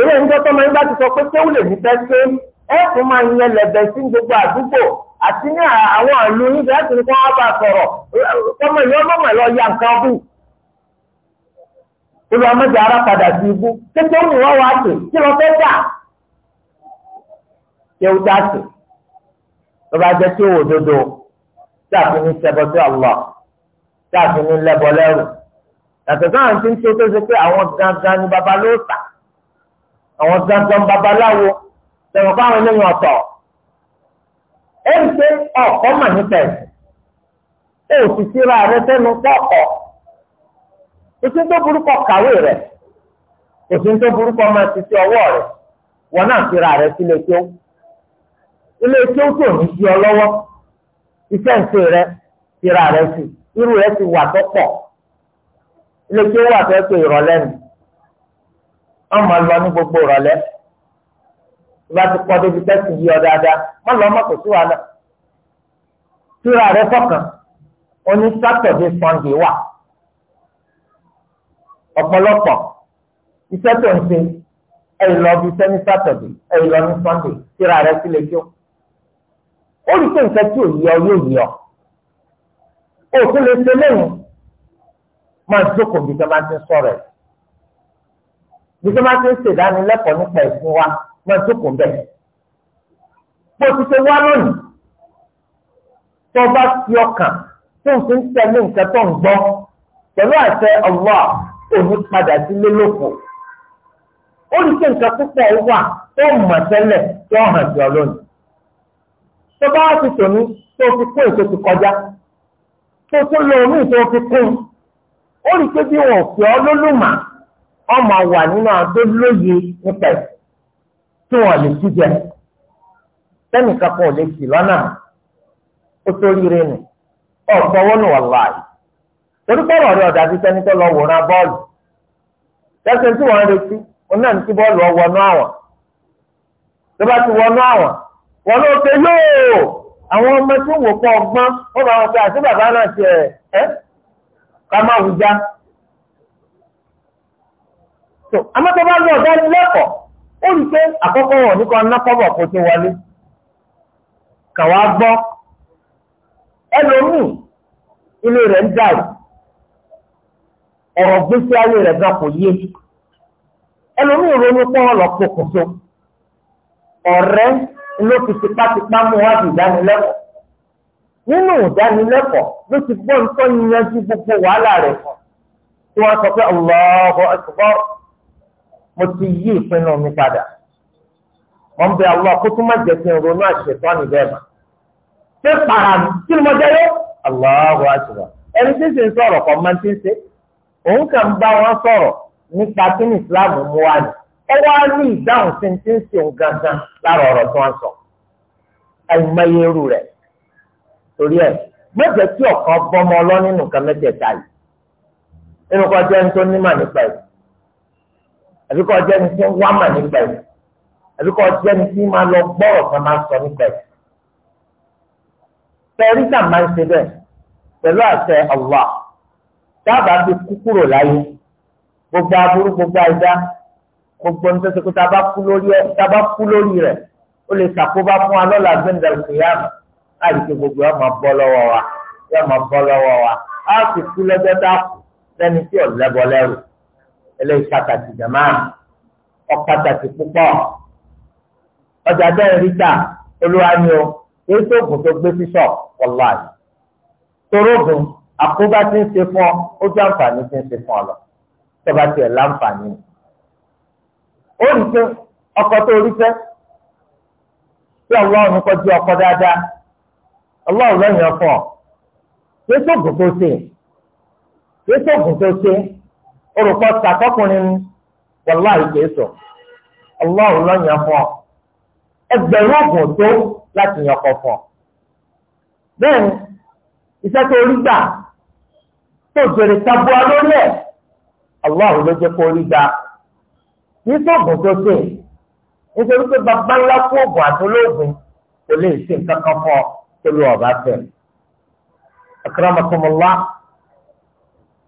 eré ń gbọ́ tọ́mọ yín bá ti sọ pé kéwù lè ní fẹ́ ṣe é fún máa ń yẹn lẹ̀bẹ̀ sí gbogbo àdúgbò àti ní àwọn ìlú níbi láti ní kí wọ́n bá sọ̀rọ̀ ọmọ ìlú ọmọ ìlú ọ̀yà nǹkan bù. Olú ọmọdé ara padà sí ibú kékeré ni wọ́n wá tè kí lọ fẹ́ dà. Ṣé o dá tè? Bàbá jẹ́ kí òwò dodo dáàfin ní sẹ́bọ̀ sí Allah dáàfin ní lẹ́bọ̀ lẹ́rù. Yàtọ̀ sáà ti ń ṣe tó ṣe pé àwọn gangan ni bàbá ló tà. Àwọn gangan babaláwo tẹ̀wọ̀n fáwọn eléyìí ọ̀tọ̀ ẹ ń pé ọ̀kọ́ mà nípa ẹ̀sìn ó sì síra rẹ sẹ́nu kọ́kọ́ ètò tó burúkọ kàwé rẹ ètò tó burúkọ máa ti sí ọwọ́ rẹ wọn náà síra rẹ sílé tó ilé tí ó tò ní di ọ lọ́wọ́ iṣẹ́ ìṣe rẹ tìra rẹ sí irú rẹ ti wà tó pọ̀ ilé tí ó wà tó ẹ pé ìrọ̀lẹ́ ni wọ́n máa lọ ní gbogbo ìrọ̀lẹ́ ìgbà tó kọ́ débi tẹ́sí yìí ọ dáadáa wọ́n lọ mọ́tò sí wa náà síra rẹ fọkàn oní sátọ̀dé sànńdé wà ọ̀pọ̀lọpọ̀ iṣẹ́ tó ń ṣe ẹ̀yìn lọ bí iṣẹ́ ní sátọ̀dé ẹ̀yìn lọ ní sànńdé síra rẹ sílẹ̀ jó ó rí pé nǹkan tí ò yẹ ọ yóò yẹ ọ òkú lè ṣe lẹ́yìn máa jókòó bí sọ máa ti ń sọ̀rọ̀ ẹ̀ bí sọ máa ti ń ṣèdánilẹ́kọ̀ọ́ nípa ẹ̀sìn wa máa jókòó bẹ́ẹ̀. bó ti ṣe wá lónìí tó bá fi ọkàn tó ń fi ń tẹ̀lé nǹkan tó ń gbọ́ pẹ̀lú àṣẹ ọ̀wọ́ òun padà sí lélòpọ̀. ó ní kí nǹkan púpọ̀ wà tó mọ̀ tẹ́lẹ̀ tó hàn sí ọ lónìí. tó bá ti tòní tó fi kún èso ti kọjá tó tún lọ omi tó fi kún ó ní pé bí wọn ò fi ọ lólùmọ̀ ọmọ wà nínú àdó lóye nípa ẹ̀sìn. tí wọ́n lè kú jẹ sẹ́nìkan kan ò lè sì lọ́nà ó sóríire nù ọ̀pọ̀wọ́ nù wàlá yìí torí pọ̀rọ̀ rẹ̀ ọ̀dà bíi sẹ́ni tó lọ wòran bọ́ọ̀lù tẹ́sán tí wọ́n ọ àwọn tó bá ti wọnú àwọn wọn ló ṣe yóò àwọn ọmọ tí ọgbọ́n bá wọn àti e rí i pé àkọ́kọ́ wọn nípa nákọ́bọ̀ kó tó wọlé kàwá gbọ́ ẹlòmíì ilé rẹ̀ ń dàrú ọ̀rọ̀ gbèsè ayé rẹ̀ gan kò yé ẹlòmíì ronú pé wọn lọ pokùnso ọ̀rẹ́ ló fi tipátipá mú wá di ìdánilẹ́kọ̀ọ́ nínú ìdánilẹ́kọ̀ọ́ ló ti gbọ́ nǹkan gbogbo wàhálà rẹ̀ mo ti yí ìpinnu mi padà wọ́n bẹ àwọn akótó má jẹ́ kí n ronú àṣetọ́ ni bẹ́ẹ̀ mà ṣé para mi kí ni mo jẹ́ yó Allahu akbar ẹni tí ń ṣe ń sọ̀rọ̀ kọ́ máa ti ń ṣe òun kà ń bá wọn sọ̀rọ̀ nípa kí ni Islam mú wa ni ẹ wá ní ìdáhùn sí ti ń ṣe òun gangan lára ọ̀rọ̀ tí wọ́n sọ àìmọye irú rẹ̀ torí ẹ̀ mọ̀jẹ̀ kí ọ̀kan bọ́mọ ọlọ́ nínú nǹkan mẹ́tẹ̀ẹ̀ta yìí nínú kan jẹ́ ń tó nímọ̀ nípa ẹ̀ àbí kọ́ jẹ́ ní tí ń wá mà nípa ẹ̀ àbí kọ́ jẹ́ ní tí máa lọ gbọ́rọ̀ kan máa sọ nípa ẹ̀. Tẹ̀rí máa ń ṣe bẹ́ẹ̀ pẹ̀lú àṣẹ Allah dábàá fi kú kúrò láyé gbogbo aburú gbogbo àìdá gbogbo ní tẹ́sí pé tá a bá kú lórí rẹ̀ ó lè ṣàkóbá fún alọ́là gbẹ̀ndàlùkìyàmù láìpẹ́ gbogbo yóò máa bọ́ lọ́wọ́ wa yóò máa bọ́ lọ́wọ́ wa á sì kú lọ́jọ́ dáàbò lẹ́ni tí ò lẹ́bọ lẹ́rù eléyìí pàtàkì jàmá ọ̀pàtàkì púpọ̀ ọjà bẹ́ẹ̀ ríta olúwa ni o èyí tó oògùn tó gbé sísọ ọ̀la yìí torógùn àkóbá ti ń ṣe fún ọ ó jẹ́ àǹfààní ti ń ṣe fún ọ lọ tọ́ba tiẹ̀ láǹfààní ó rí pé ọkọ tó rí fẹ́ tí ọlọ́run kọjú ọkọ dáadáa ọlọ́run lọ́yìn ọkọ yéṣọ́gùn tó ṣe yéṣọ́gùn tó ṣe orúkọ sàkọkùnrin ni wàláhì kìí sọ ọlọ́run lọ́yàn fún ọ ẹgbẹ̀rún ọ̀gùn tó láti yàn kọ̀ fún ọ. bẹ́ẹ̀ ni iṣẹ́ tó rí gbà tó jèrè tabua lórí ẹ̀ ọlọ́run ló jẹ́ kó rí gbà kìí sọ̀gùn tó ṣe nítorí pé bàbá ńlá fún oògùn àtolóògùn kò lè ṣe nǹkan kan fún ọ tó lọ ọ̀bá fẹ́. akramakumullah.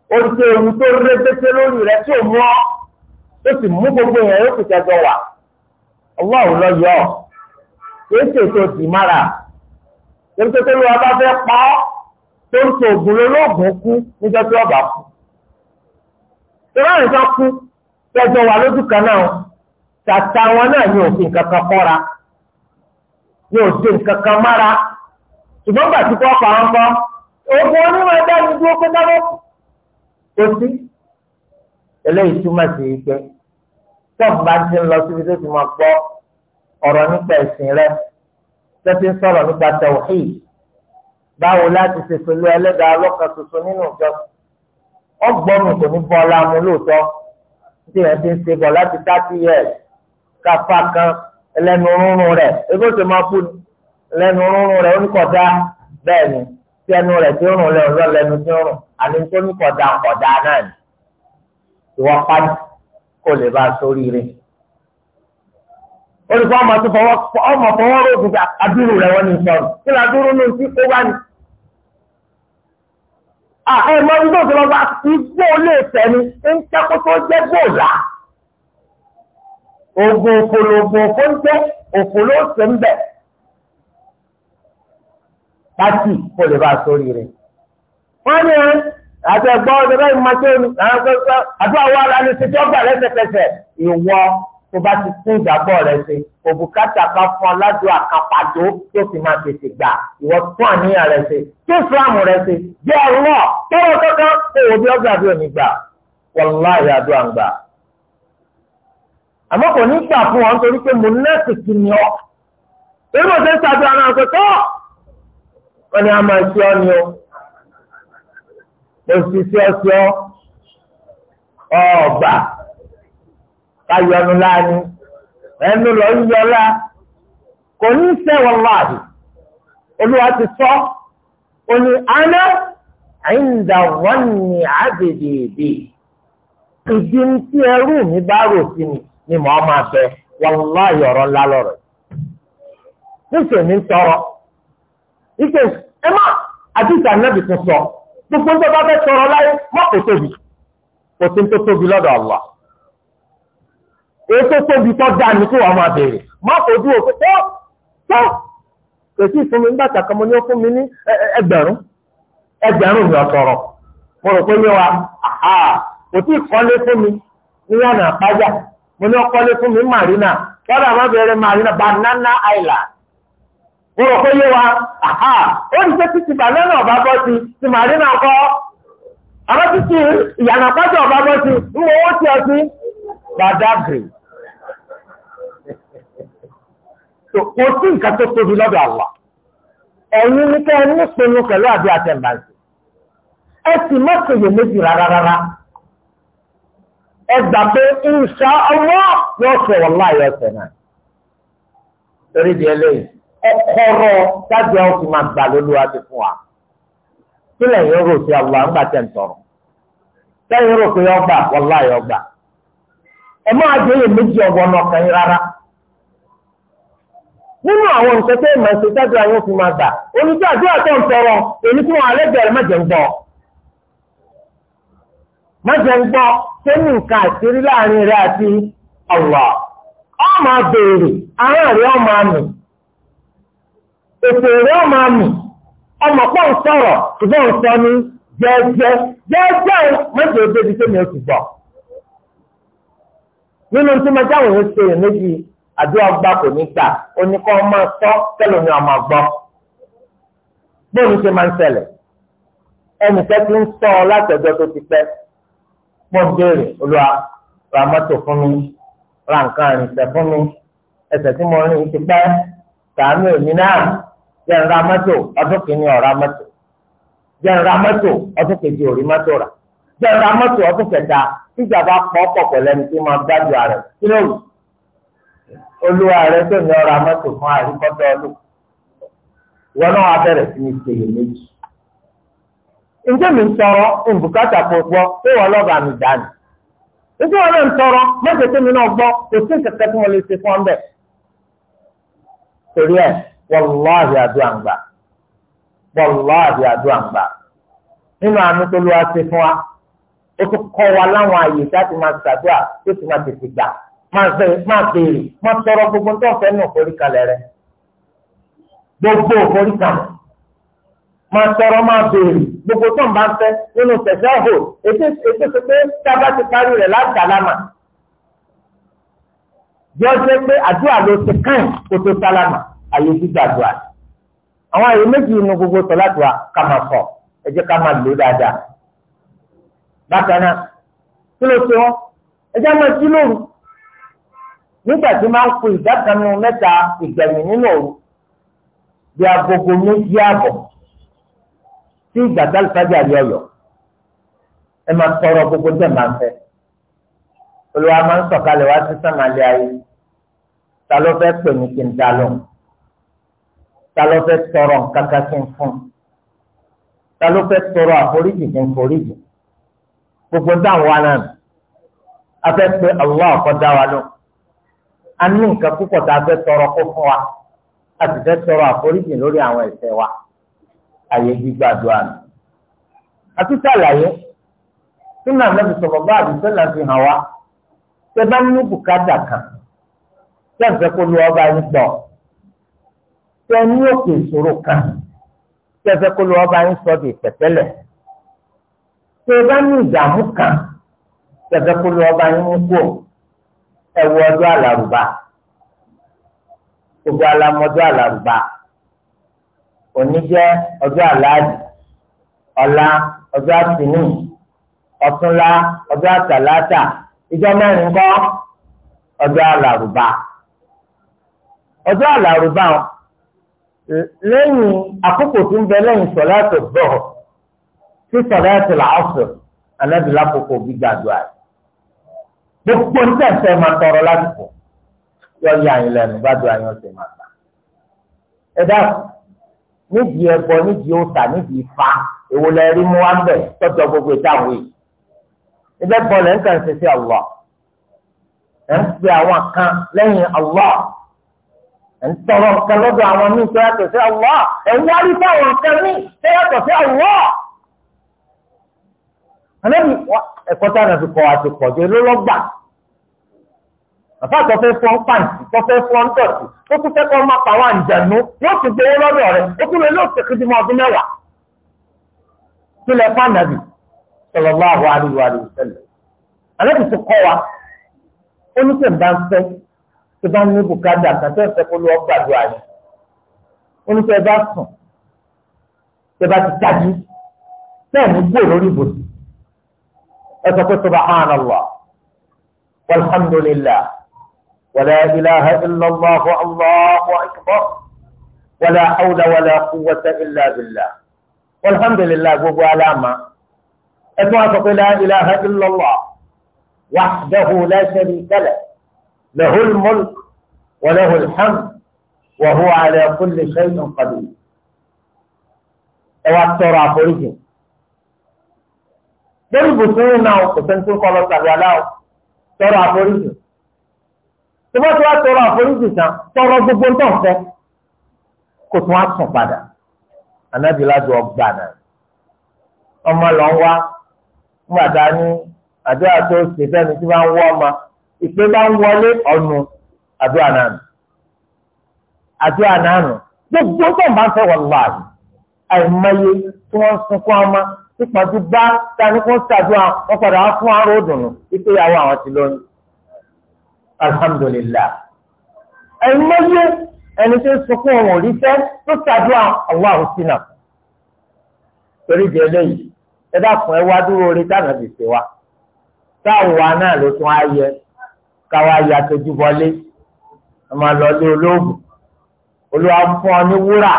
ó ṣe ewu tó rẹ́gbẹ́sẹ́ lórí rẹ̀ tí ò mú ọ́ ó sì mú gbogbo yẹn ó sì kẹjọ wà ọlọ́run lọ yọ ṣètò mára torí pé pa ọ́ tó ń kú níjọ́ ọba kú tẹ́lẹ̀ wọn kan kú kẹjọ wà lójú kan náà tàtà wọn náà ní òfin kankan kọ́ra ní òfin kankan mára ṣùgbọ́n kọ́ pa onímọ̀ ẹgbẹ́ dúró pé kù. kó sí eléyìí túmọ̀ sí i pé tọ́ọ̀mù bá ti ń lọ síbi tó ti máa gbọ́ ọ̀rọ̀ nípa ẹ̀sìn rẹ tó ti ń sọ̀rọ̀ nípa tawhid báwo láti ṣe pẹ̀lú ẹlẹ́dàá ọlọ́kan tuntun nínú ìjọ ọgbọ́nù kò ní bọ́ ọlá mu lóòótọ́ tí yẹn ti ń ṣe bọ̀ láti thirty years kápá kan ẹlẹ́nu rúnrún rẹ̀ ebí ó ti máa kú ẹlẹ́nu rúnrún rẹ̀ ó bẹ́ẹ̀ ni tí ẹnu rẹ̀ tí ó rùn lẹ́nu lọ lẹ́nu tí ó rùn àní tó ní kọ̀dà kọ̀dà náà ni ìwọ pàdé kò lè bá a sórí rẹ̀. olùkọ́ ọmọ tó fọwọ́ ọmọ fọwọ́ rò fún adúrú rẹ̀ wọ́n ní sọ̀rọ̀ kí ni adúrú ní ti kó wá ní. ẹ mọ ibi tó ti lọ bá igbó lè tẹ̀ ni ń tẹ́kọ́ tó jẹ́ gbòòlà. ogun òfòlò òfòlò ń tẹ́ òfòlò ó sì ń bẹ̀ pátì kó lè bá a sórí rẹ̀. wọ́n ní àti ẹ̀gbọ́n ọdún bẹ́ẹ̀ máa tó ní àdúrà wà lálẹ́ ṣe tí ó gbà lẹ́sẹ̀kẹsẹ̀ ìwọ tó bá ti tún ìgbàgbọ́ rẹ ṣe òbúkátà bá fún ọ ládùn àkàpàdó tó fi máa tètè gbà ìwọ tún àníyàn rẹ ṣe tí ìsìlámù rẹ ṣe jẹ́ ọ̀rọ̀ tó wọ kankan kó wo bí ọgbà bí òní gbà wàláhì àdúrà ń gbà. àmọ́ kò ní gbà fún ọ nítorí pé wọ́n ní a máa ṣe ọ́ ni o òṣìṣẹ́ ọ̀ṣọ́ ọ̀ọ́bà káyọnu láàánú ẹnu lọ ń yọlá kò ní sẹ́wọ̀n láàbì olúwa ti sọ ó ní aná àyíǹda wọn ní àbèbèbè ìdí tí ẹrú mi bá rò sí mi ni màá máa fẹ́ wọn láàyè ọ̀rọ̀ ńlá lọ́rọ̀ níṣẹ́ ní tọrọ. ike ẹ má àdìsí tó sọ gbogbo ń tọ́ba fẹ́ sọ̀rọ̀ láyé má kò tóbi kò sí tó tóbi lọ́dọ̀ Allah ètò tóbi tó dáa ní kí wọ́n máa béèrè má kò dúró pé tó tó kò sí fún mi mo ní ó fún mi ní ẹgbẹ̀rún ẹgbẹ̀rún mi mo rò pé wa kò tí kọ́lé fún mi àpájà mo ní ó kọ́lé Island. mo rò pé yé wa àhá ó ní pé títí bàbá náà bá bọ́ sí ti màrí náà kọ́ àmọ́ títí ìyànà pátá ọba bọ́ sí ń wo owó tí ọ sí gbàdágìrì. kò sí nǹkan tó tóbi lọ́dọ̀ àwa ẹ̀yin ní kẹ́ ẹ ní pinnu pẹ̀lú àbí àtẹ̀mbàṣe ẹ sì má ṣèyẹ méjì rárá rárá ẹ gbà pé insha Allah yóò sọ̀rọ̀ láàyè ọ̀sẹ̀ náà torí di eléyìí. kọ́kọ́rọ́ sábẹ́ ọ̀tí máa gbà lóluwà ti fún wa kí lẹ́yìn rò sí àwọn àgbà tẹ̀ ń tọrọ lẹ́yìn rò pé ọgbà wọlá ọgbà ẹ máa jẹ́ èyí méjì ọgbọ́n náà kàn yín rárá nínú àwọn nǹkan tó ṣe tájú máa gbà tọrọ èmi má jẹ́ ọ máa béèrè ọ ètò ìrẹ́ ọmọ àmì ọmọ pọ̀ ń sọ̀rọ̀ ṣùgbọ́n ń sọ ní jẹ́ẹ́jẹ́ jẹ́ẹ́jẹ́ mọ́tò ìbejì tó ní oṣù bọ̀. nínú tí mo jáwèé ń ṣe méjì àdúrà gbà kò ní gbà oníkọ́ máa sọ tẹ́lẹ̀ ní ọmọ gbọ́. bóun ṣe máa ń ṣẹlẹ̀ ẹnìkan ti ń sọ ọ láti ọjọ́ tó ti pẹ́ mo béèrè olúwa ra mọ́tò fún mi ra nǹkan àrìnsẹ̀ fún mi ẹsẹ̀ tí mo rìn ti pẹ́ sàánú èmi náà jẹ́ ń ra mọ́tò ọdún kìíní ọ̀ra mọ́tò jẹ́ ń ra mọ́tò ọdún kejì òrí mọ́tò rà jẹ́ ń ra mọ́tò ọdún kẹta tíjàmbá pọ̀ pọ̀ pẹ̀lú ẹni tí máa gbádùn ààrẹ kí ló wù olúwa rẹ tó ní ọ̀ra mọ́tò fún àríkọ́tọ́ ọlù ìwọ náà wà bẹ̀rẹ̀ sí ní ṣèyí méjì ǹjẹ́ mi ń tọrọ nbùkátà kò gbọ́ pé wọ́n lọ́ba mi dání ǹjẹ́ wọn náà ń tọrọ mọ́tò tó mi náà gbọ́ kò sí kẹ̀kẹ́ tí mo lè ṣe fún ọ wàláhì àdúrà ń gbà wàláhì àdúrà ń gbà nínú àánú tó lọ́wọ́ ṣe fún wa ó tún kọ́ wa láwọn àyè láti máa ṣàdúrà tó ti máa tètè gbà máa béèrè máa tọrọ gbogbo tó fẹ́ nù forí kalẹ̀ rẹ gbogbo forí kalẹ̀ máa tọrọ máa béèrè gbogbo tó ń bá fẹ́ nínú tẹ̀sán hò ètò ètò pé tábà ti parí rẹ̀ látàlámà yọ jẹ́ pé àdúrà ló ti kàn kó tó sálámà ayé gbígbàdúrà àwọn àyè méjì inú gbogbo sọ láti wà ká máa kọ ẹ jẹ́ ká máa lò dáadáa bákan náà kí ló ṣe wọn ẹ jẹ́ máa jí lóru nígbà tí máa ń kó ìdákanu mẹ́ta ìgbẹ̀mí nínú òru bí agogo méjì ààbọ̀ tí ìgbàgbá ìfájà yọ yọ ẹ máa tọrọ gbogbo tẹ máa ń fẹ́ olùwà máa ń sọ̀kalẹ̀ wá sí sàmàlẹ ayé ta ló fẹ́ pè mí kí n dá lóhùn ta ló fẹ́ tọrọ nǹkankan kí n fún ta ló fẹ́ tọrọ àforíjì kí n foríjì gbogbo dáhùn wa náà a fẹ́ pé Allah kó dá wa lọ a ní nǹkan púpọ̀ tá a fẹ́ tọrọ kó fún wa a sì fẹ́ tọrọ àforíjì lórí àwọn ẹ̀ṣẹ̀ wa àyè gbígbàdúrà nù àti sàlàyé sínú ànábì sọ̀rọ̀ bá àdìsẹ́ náà fi hàn wá tẹ bá ní bùkátà kan tẹ̀ kó lu ọba yín gbọ́ tẹ ní òkè ìṣòro kan tẹ fẹ́ kó lọ ọba yín sọ di pẹ̀tẹ́lẹ̀ tẹ bá ní ìdààmú kan tẹ fẹ́ kó lọ ọba yín mú kó ẹ wọ ọjọ́ àlàrúbá gbogbo alamọjọ́ àlàrúbá òní jẹ́ ọjọ́ àlàájì ọ̀la ọjọ́ àtìní ọ̀túnla ọjọ́ àtàláta ìjọ mẹ́rin kọ́ ọjọ́ àlàrúbá ọjọ́ àlàrúbá lẹ́yìn àkókò tó ń bẹ lẹ́yìn sọ̀láàtò dọ̀họ̀ sí sọ̀láàtò làásù anábìlá kókò gbígbà dùà gbogbo ní tẹ̀sẹ̀ máa tọrọ lásìkò yọ ya yín lẹ́nu bá dùà yín ọ̀sẹ̀ máa gbà. ẹ dáàbò nídìí ẹbọ nídìí òòtà nídìí ifá èwo lẹ rí mú wá ń bẹ tọjọ gbogbo ìtàwé ẹgbẹ́ bọ́ọ̀lù ẹ̀ ń kàn ṣe sí ẹ̀ ń pe àwọn kan lẹ́yìn Allah ń tọrọ nǹkan lọ́dọ̀ àwọn míì tó yàtọ̀ sí Allah ẹ̀ ń wárí fáwọn nǹkan míì tó yàtọ̀ sí Allah. Ànábì ẹ̀kọ́ tí a nà fi kọ́ àti pọ̀jù ló lọ́ gbà. Bàbá tó fẹ́ fọ́n pàǹtì tó fẹ́ fọ́n dọ̀tí tó tún fẹ́ kọ́ yóò ti gbowó lọ́dọ̀ rẹ̀ ó tún lè lóò tẹ̀kí bímọ ọdún mẹ́wàá. Kí lẹ fún ànábì sallallahu alaihi wa sallam. Ànábì ti kọ́ wa ó ní ń fẹ́ tó bá ní bùkátà kan tó ń fẹ́ kó lọ gbàdúrà rẹ̀ oníṣẹ́ bá sùn tó bá ti tají náà ní gbòòrò lórí ibùsùn ẹ sọ pé subhanallah walhamdulillah wàlá ilaha illallah allahu akbar wàlá hawla wàlá quwwata illa billah gbogbo aláma ẹ tún wá sọ pé ilaha illallah wàhdahu la sharika lahu. له الملك وله الحمد وهو على كل شيء قدير ẹwà tọrọ àforíjì lórí ibùsùn náà kò sẹ́ni tó kọ́ lọ tàbí aláwọ̀ tọrọ àforíjì tó bá tó wá tọrọ àforíjì tán tọrọ gbogbo ń tàn fẹ́ kò tún wá sùn padà anábìlájọ ọgbà náà ọmọ lọ ń wá ńgbàdá ní àdúrà tó ṣe fẹ́ni tí wọ́n ń wọ́ ọmọ ìpè bá ń wọlé ọ̀nù àdúrà náà nù àdúrà náà nù gbogbo tó ń bá ń fẹ́ wọn lọ àyè àìmọye tí wọ́n ń sunkún ọmọ nípa tó bá tani kó ń ṣàdúrà wọn padà wá fún aró dùnú ìgbéyàwó àwọn ti lóyún alhamdulilah àìmọye ẹni tó ń sunkún ọmọ òrìṣẹ́ tó ṣàdúrà ọwọ́ àwòsínà torí di eléyìí ẹ dákun ẹ wá dúró orí táwọn ti wa táwọn wa náà ló tún á yẹ káwa ya tójú wọlé ẹ máa lọ lé olóògùn olúwa fún ọ ní wúrà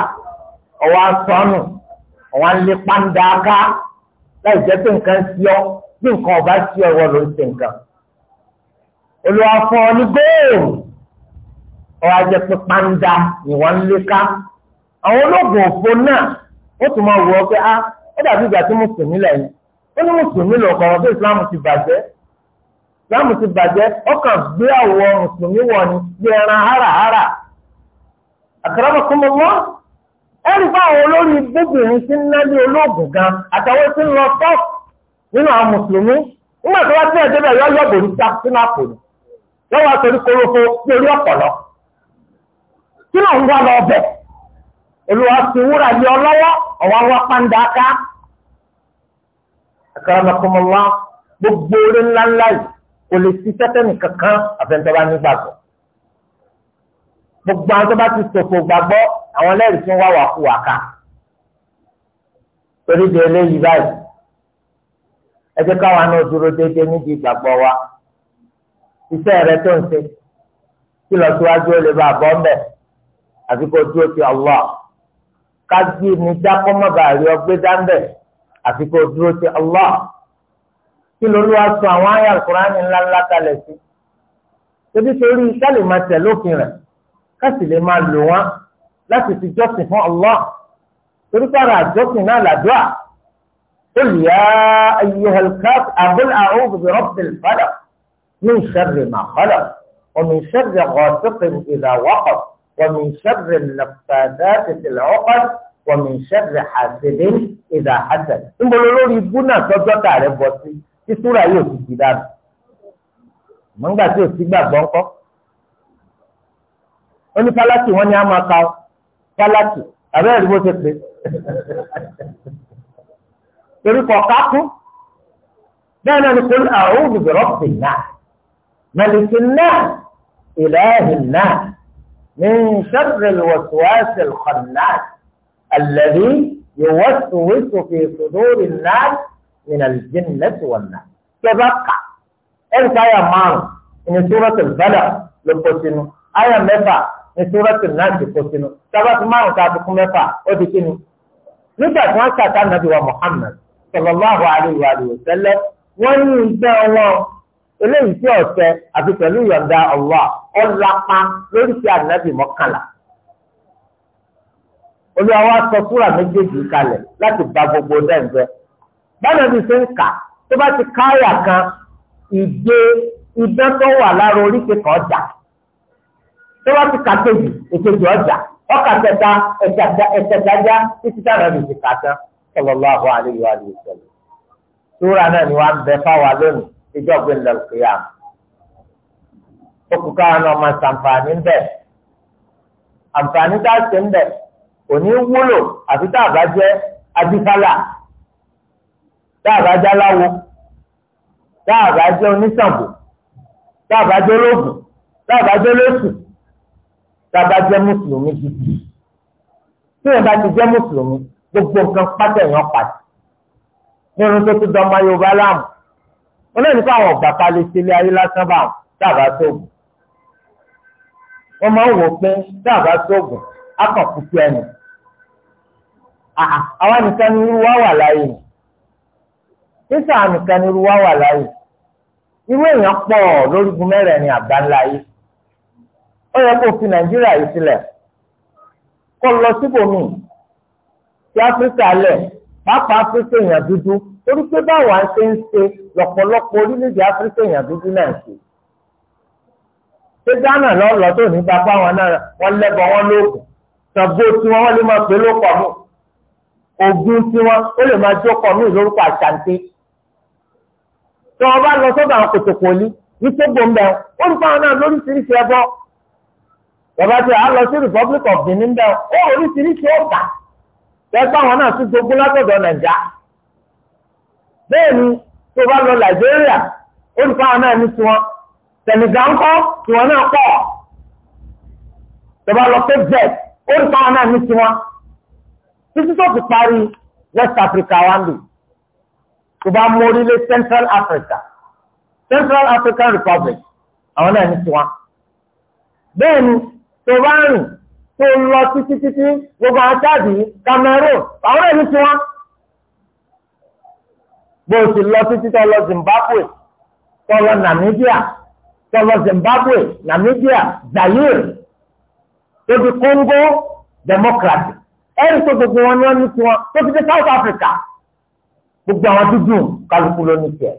ọwọ́ asọ́nù ọwọ́ ńlẹ̀ pàǹdàká láì jẹ́ pé nǹkan sí ọ bí nǹkan ọba sí ọ ló ń ṣe nǹkan olúwa fún ọ ní góòlù ọwọ́ ajẹ́ pé pàǹdà ni wọ́n ń lé ká àwọn olóògùn òfo náà ó tún máa wọ ọ pé á ah, ó dàbí ìgbà tí mùsùlùmí lẹ́yìn ó ní mùsùlùmí lọ́kọ̀ọ́ pé Islam ti bàjẹ́ láàmù ti bàjẹ́ ọkàn gbé àwọ̀ mùsùlùmí wọ̀ ni ẹran háràhárà àkàràbà kún mi wọ́n bá àwọn olórí bóbìnrin tí ń olóògùn gan àtàwọn tí ń lọ tọ́ọ̀kù nínú àwọn mùsùlùmí nígbà tó wá sí ẹ̀jẹ̀ yọ́ korofo orí kò lè sí sẹ́tẹ̀nì kankan àfẹnudọ́ba nígbàgbọ́ gbogbo àwọn tó bá ti sòfò gbàgbọ́ àwọn ẹlẹ́rìí tún wá wà kú wà ká torí di eléyìí báyìí ẹ jẹ́ káwa náà dúró déédéé níbi ìgbàgbọ́ wa iṣẹ́ rẹ tó ń ṣe kí lọ síwájú ó lè bá bọ́ mbẹ́ àfi kó dúró ti Allah ká gbé mi já kọ́mọ́bà rí ọgbẹ́ dá mbẹ́ àfi dúró ti Allah kí lolúwa sọ àwọn àyà kúránì ńlá ńlá kalẹ̀ sí tobi torí kálí máa tẹ̀ lófin rẹ̀ kásì lè máa lò wọ́n láti fi jọ́sìn fún Allah torí kára àjọsìn náà làdúrà qul ya ayyuhal kafirun abul a'udhu bi rabbil falaq min sharri ma khalaq wa min sharri ghasiqin idha waqab wa min sharri naffathati fil 'uqad wa min sharri hasidin idha hasad. ń bolo lórí ibú náà tọ́jọ́ tààrẹ bọ́ sí tí súra yóò ti di dànù mọ̀ngbà tí ò sí gbàgbọ́ ńkọ́ ó ní fálákì wọ́n ní á máa ka ọ́ fálákì àbẹ́rẹ́ ìdìbò ṣe pé torí kọ̀ ká kú bẹ́ẹ̀ náà ni kò ní àwọn olùbẹ̀rọ̀ pè náà mẹ̀lìkì náà ìlẹ́hì náà ní sẹ́pẹ̀rẹ̀ ìwọ̀sùwẹ́sẹ̀ kọ̀nà àlẹ́bí ìwọ̀sùwẹ́sù fi sùdúrì náà. من الجنة والناس كذبك إلك آية مارو من سورة البلد لقوتينو آية مفا من سورة الناس لقوتينو كذبك مارو كذبك مفا ودكينو nígbà tí wọ́n ṣàtà nàbí wa Muhammad sallallahu alayhi wa sallam wọ́n ní iṣẹ́ wọn eléyìí tí ọ̀sẹ̀ àti pẹ̀lú ìyọ̀ǹda Allah ọ̀làpá lórí ti ànábì mọ́kànlá. olùwàwọ̀ sọ súrà méjèèjì kalẹ̀ láti ba gbogbo dẹ́gbẹ́ báyọ̀ bí ṣe ń kà tó bá ti káyà kan ìdè idán tó wà lára oríṣi kan ọjà tó bá ti kà kejì èkejì ọjà ọkà kẹta ẹ̀kẹtàjá títí táwọn ẹbí ti kà tán sallallahu alaihi wa sallam. Súra náà ni wọ́n bẹ fáwa lónìí ìjọ gbẹ̀ndà kìyàm. Okùn káwọn náà máa ṣàǹfààní ń bẹ̀. Àǹfààní tá a ṣe ń bẹ̀ kò wúlò àfi tá a bá jẹ́ adífálà táàbà jẹ́ aláwo táàbà jẹ́ oníṣàǹbò táàbà jẹ́ ológun táàbà jẹ́ olóṣù táàbà jẹ́ mùsùlùmí gidi tí wọ́n bá ti jẹ́ mùsùlùmí gbogbo nǹkan pátá èèyàn pàtó nínú tó ti dánmọ yorùbá láàmú wọn náà ní kó àwọn ọgbà palẹ sílé ayé lásán bá wọn dábàá sóògùn wọn máa ń wò pé dábàá sóògùn á kàn kú sí ẹnu àwọn nìkan ni wọ́n wà láàyè nù sísà nìkan ni irú wa wà láàyè irú èèyàn pọ̀ lórígun mẹ́rẹ̀ẹ̀rin àgbáńlá yìí ó yẹ kó fi nàìjíríà yìí sílẹ̀ kó lọ síbòmíì ti áfíríkà lẹ̀ pápá áfíríkà èèyàn dúdú torí pé báwa ṣe ń ṣe lọ́pọ̀lọpọ̀ orílẹ̀-èdè áfíríkà èèyàn dúdú náà ṣe ṣé ghana lọ́lọ́ tó ní bàbá wọn náà wọ́n lẹ́bọ̀ wọn lóògùn ṣàgbó tí wọ́n wọ́n lè máa pè lóko mú ògùn tí ó lè máa jókòó mú ìlórúkọ àṣàǹtẹ́ tó o bá lọ sọ́dọ̀ àwọn kòtòkò ní ní tó gbòǹbẹ̀ ó ń fáwọn náà lóríṣiríṣi ẹbọ bàbá tí a lọ sí Republic of Benin bẹ́ẹ̀ ó oríṣiríṣi ọ̀gá tẹ́gbọ́n àwọn náà tún jogún látọ̀dọ̀ Nàìjà bẹ́ẹ̀ ni tó bá lọ Nàìjíríà ó ń fáwọn náà ní tiwọn Senegal ń kọ́ tiwọn náà pọ̀ tó bá lọ Cape Verde ó ń fáwọn náà ní tiwọn títí tó fi parí West Africa wá ń bì tó bá mú orílẹ̀ Central Africa Central African Republic àwọn náà ní tiwọn. bẹ́ẹ̀ ni tó bá rìn tó lọ títí títí gbogbo àwọn Chadi Cameroon àwọn náà ní tiwọn. bó o sì lọ títí tó lọ Zimbabwe tó lọ Namibia tó lọ Zimbabwe Namibia Zaire tó di Congo Democracy ẹ̀rí tó gbogbo wọn ni wọ́n ní tiwọn tó fi dé South Africa gbogbo àwọn dúdùn kálukú ló ní tiẹ̀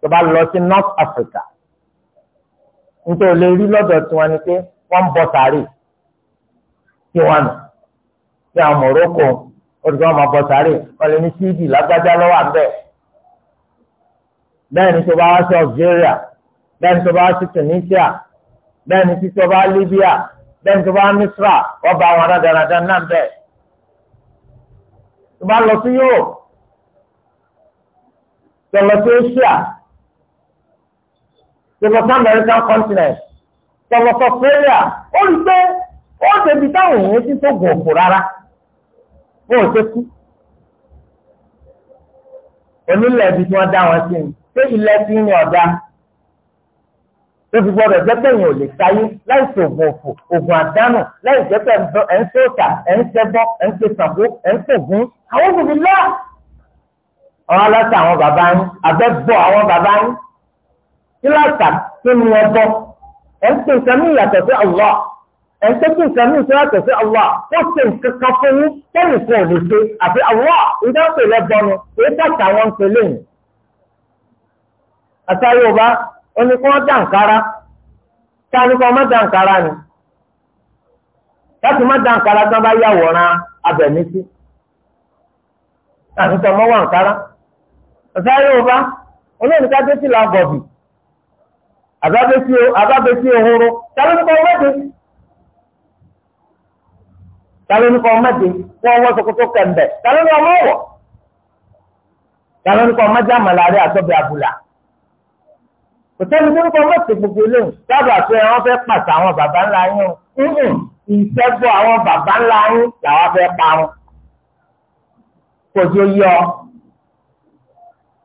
tó bá lọ sí North Africa nítorí lè rí lọ́dọ̀ tiwọn ni pé wọ́n ń bọ sàárè tí wọ́n nù tí àwọn Morocco olùkọ́ ọmọ bọ sàárè wọ́n lè ní sídì lágbájá lọ́wọ́ àbẹ́ bẹ́ẹ̀ ni tó bá wá sí Algeria bẹ́ẹ̀ ni tó bá wá sí Tunisia bẹ́ẹ̀ ni tó bá Libya bẹ́ẹ̀ ni tó bá Misra wọ́n bá wọn rádaràdà náà bẹ́ẹ̀ tó bá lọ sí Europe tẹlọ sí Asia tẹlọ sí American continent tẹlọ sí Australia ó rí pé ó débi táwọn èèyàn ti tó gùn òkú rárá wọn ò ṣe kú onílẹ̀ ibi tí wọ́n dá wọn sí ni ṣé ilẹ̀ tí ń ọ̀dà tóbi gbọ́dọ̀ jẹ́ pé èèyàn ò lè sáyé láì sí oògùn òfò oògùn àdánù láì jẹ́ pé ẹ̀ ń ṣe òòtà ẹ̀ ń ṣẹ́bọ́ ẹ̀ ń ṣe ẹ̀ ń ṣògùn àwọn òbí láà àwọn aláṣà àwọn bàbá yín abẹ́bọ àwọn bàbá yín kí láṣà kí ni ẹ bọ ẹ ń pè nǹkan mí yàtọ̀ sí Allah ẹ ń pè kí nǹkan mí yàtọ̀ sí Allah ó ṣe nǹkan kan fún yín tẹ́lẹ̀ kan ò lè ṣe àfi Allah ìdá ń pè lẹ́bọ ni èyí tàkà wọn ń pè lẹ́yìn. àtà Yorùbá ẹni kí wọ́n dànkárá tá a ní kí wọ́n dànkárá ni láti má dànkárá tí wọ́n bá yàwòrán abẹ̀mí sí àtúntò ọmọ wà ń ọ̀sá yorùbá olóòní ká dẹ́sí la gọ̀bì àbábẹ́sí ehoro tàbí nípa ọmọdé tàbí nípa ọmọdé kó ọwọ́ sokoto kẹ̀mbẹ̀ tàbí nípa ọmọwọ̀ tàbí nípa ọmọdé àmàlàrí àtọ́bẹ̀ àbùlà kò sẹ́ni tó nípa ọmọdé gbogbo eléyìí dábàá àti ẹran fẹ́ pàṣẹ àwọn bàbá ńlá yín ìṣẹ́gun àwọn bàbá ńlá yín làwọn fẹ́ parun kò tó yọ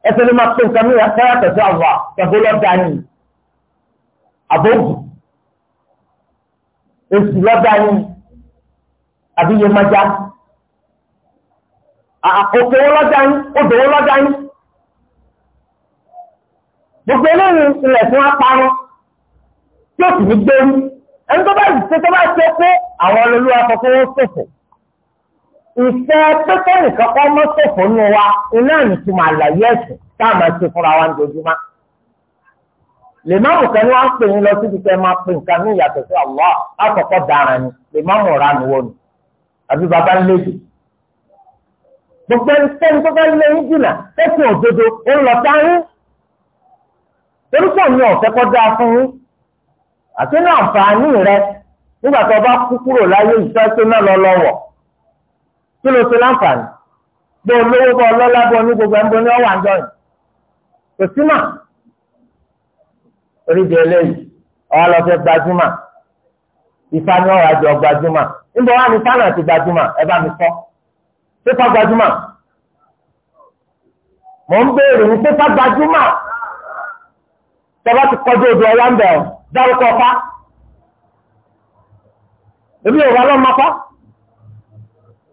ẹsẹ̀ ló máa pè nǹkan mi káyà tẹ̀sí àwà tẹ̀bó lọ́dà ni àbóògùn èsì lọ́dà ni àbíyèmájá òkè wọn lọ́dà ni odò wọn lọ́dà ni gbogbo eléyìí ilẹ̀ tí wọ́n parun tí ó sì ní gbẹ́rú ẹni tó bá ṣe tó bá ṣe pé àwọn ọlọ́lúwa sọ wọ́n ṣòfò ìfẹ́ pípẹ́ nìkan kọ́ mọ́sọ̀fọ́ nù wa iná nìtumọ̀ àlàyé ẹ̀sìn tá a máa ṣe fúnra wa lójoojúmọ́. lèmọ́mù kan ní wọ́n á pè yín lọ síbi tẹ́ máa pè nǹkan ní ìyàtọ̀ sí Allah àkọ́kọ́ dára ni lèmọ́mù ọ̀rá mi wọ̀ nù àbí baba ńlẹ́dì. gbogbo ẹni tẹ́ni tó bá lé yín jìnnà tẹ́sí òdodo ń lọ sáyé. torípọ̀ mi ọ̀fẹ́ kọ́ dáa fún yín àti náà àǹfààní rẹ nígbà tó bá kú kúrò láyé ìfẹ́ kí ló ṣe láǹfààní bó o lówó bó o lọ́lá bó o ní gbogbo ẹ̀ ń bó ní ọ̀wà àjọ yìí kò sí mà oríṣi eléyìí ọ̀hà lọ fẹ́ gbajúmọ̀ ìfà ni ọ̀rọ̀ àjọ gbajúmọ̀ níbo wà ní sálọ̀ ti gbajúmọ̀ ẹ bá mi sọ pépà gbajúmọ̀ mò ń béèrè ní pépà gbajúmọ̀ tọ́ba ti kọjú odò ọ̀yá ń dárúkọ ọ̀pá èmi ò wá lọ́mọ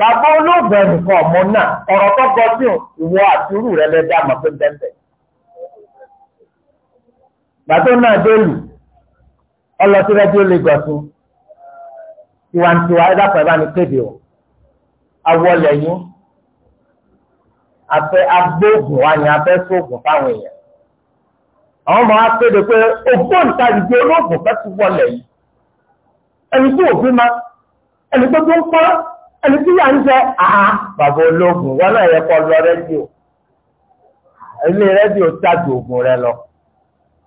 bàbá olóògbé nìkan ọmọ náà ọ̀rọ̀ tó gọ sí ìwọ àtúrú rẹ lẹ́dá àmọ́ pé bẹ́ẹ̀ bàtó náà délù ọlọtí rẹ́díò Lagos tiwantiwa ẹ dákun ẹ bá ní kéde o awọlẹ yín afẹ agbóògùn wa ni afẹ sóògùn fáwọn èèyàn àwọn ọmọ wa kéde pé ògbóǹtarìgì olóògùn fẹ́ ti wọlẹ̀ yìí ẹni tó òbí ma ẹni tó tó ń pa ẹni tí yà ń sẹ àá bàbá ológun wọn náà yẹ kó lọ rẹ́díò ilé rẹ́díò tájú ogun rẹ lọ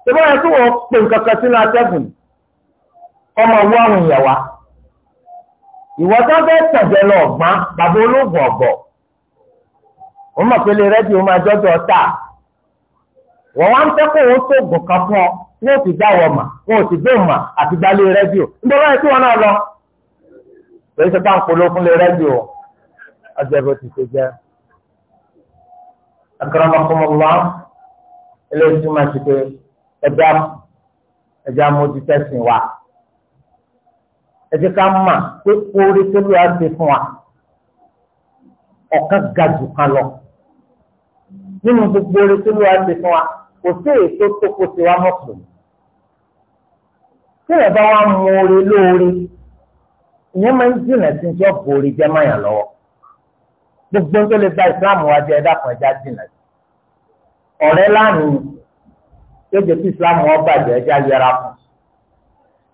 ṣùgbọ́n ẹ tí wọ́n pè nǹkan ọmọ àwọn èèyàn wa ìwọ tó fẹ́ tẹ̀jẹ̀ lọ ọ̀gbọ́n bàbá ológun wọ́n mọ̀ pé ilé rẹ́díò máa jọ́jọ́ tà wọ́n wá ń kan fún ọ lórí ṣe báńkì olókùn lè rẹ́díò ọjọ́ ìbò ti ṣe jẹ́. akramakumullah ilé ìtumọ̀ sí pé ẹja ẹja mojú tẹ̀sìn wa ẹ jẹ́ ká mà pé orí tó lóyún á ṣe fún wa ọ̀kan ga jù kan lọ nínú gbogbo orí tó á ṣe fún wa kò sí èso tó kó tiwa mọ̀ pọ̀ tí ẹ̀ bá wà mú orí lóore ìyẹn máa ń jìnà sí ní ọ̀pọ̀ orí jẹ́ máyà lọ́wọ́ gbogbo tó lè gba ìsìláàmù wa jẹ́ ẹ̀dá kan ẹ̀já jìnà sí ọ̀rẹ́ láàmì yóò kí ìsìláàmù wa bàjẹ́ ẹ̀já yẹra fún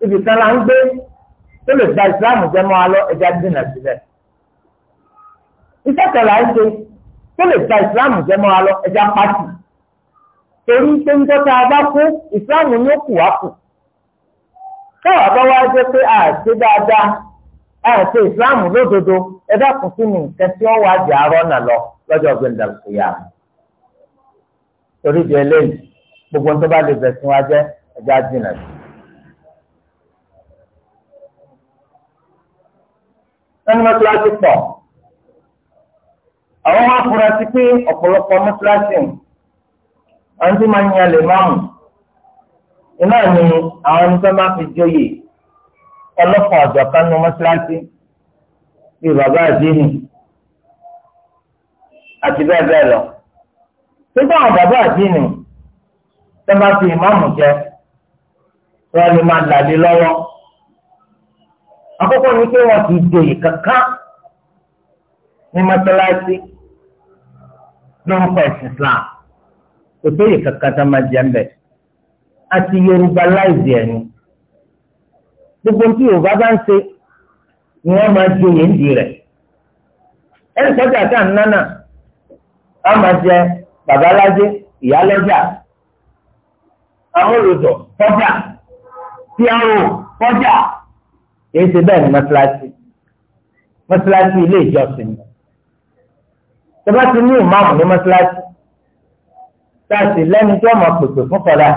ibi kan là ń gbé tó lè gba ìsìláàmù jẹ́ máa lọ ẹ̀já jìnà sílẹ̀ iṣẹ́ kẹlà ń ṣe tó lè gba ìsìláàmù jẹ́ máa lọ ẹ̀já pàṣẹ torí pé ń tọ́ta a bá kú ìsìláàmù ni ó kù wá kù káwá bá wá jẹ́ pé àṣẹ dáadáa àti ìsìláàmù lódodo ẹ dákun sí mi nǹkan tí arọ́ náà lọ lọ́jọ́ gbẹ̀ndàkúyà. torí di eléyìí gbogbo tó lè bẹ̀sùn wa jẹ́ ẹja jìnnà sí. ẹni mọ́tíláṣí pọ̀ àwọn máa fura sí pé ọ̀pọ̀lọpọ̀ mọ́tíláṣí àwọn tí máa ń yan lè máàmù iná ni àwọn ẹni tó máa fi jóyè ọlọ́pàá ọ̀jọ̀kan nu mọ́ṣáláṣí bíi bàbá àdínì àti bẹ́ẹ̀ bẹ́ẹ̀ lọ. Sígbà àwọn bàbá àdínì tó máa fi ìmáàmù jẹ wọ́n lè máa dàdé lọ́wọ́. Àkọ́kọ́ ni pé wọ́n ti joyè kankan ní mọ́ṣáláṣí ló ń pẹ̀ sí Islam. Kò sóyè kankan tó máa jẹ́ ń bẹ̀. Yorùbá láìsí ẹni gbogbo tí yorùbá bá ń ṣe ni wọ́n máa di oyè ń di rẹ̀ ẹnì sọ́jà tá à ń nánà á máa jẹ babalájé ìyálọ́jà àwọn olùdọ̀ fọ́jà tí a rò fọ́jà kìí ṣe bẹ́ẹ̀ ni mọ́ṣáláṣí mọ́ṣáláṣí ilé ìjọsìn ni tọ́ba ti ní ìmáàmù ní mọ́ṣáláṣí tá a sì lẹ́ni tí wọ́n máa pèpè fún kọ́lá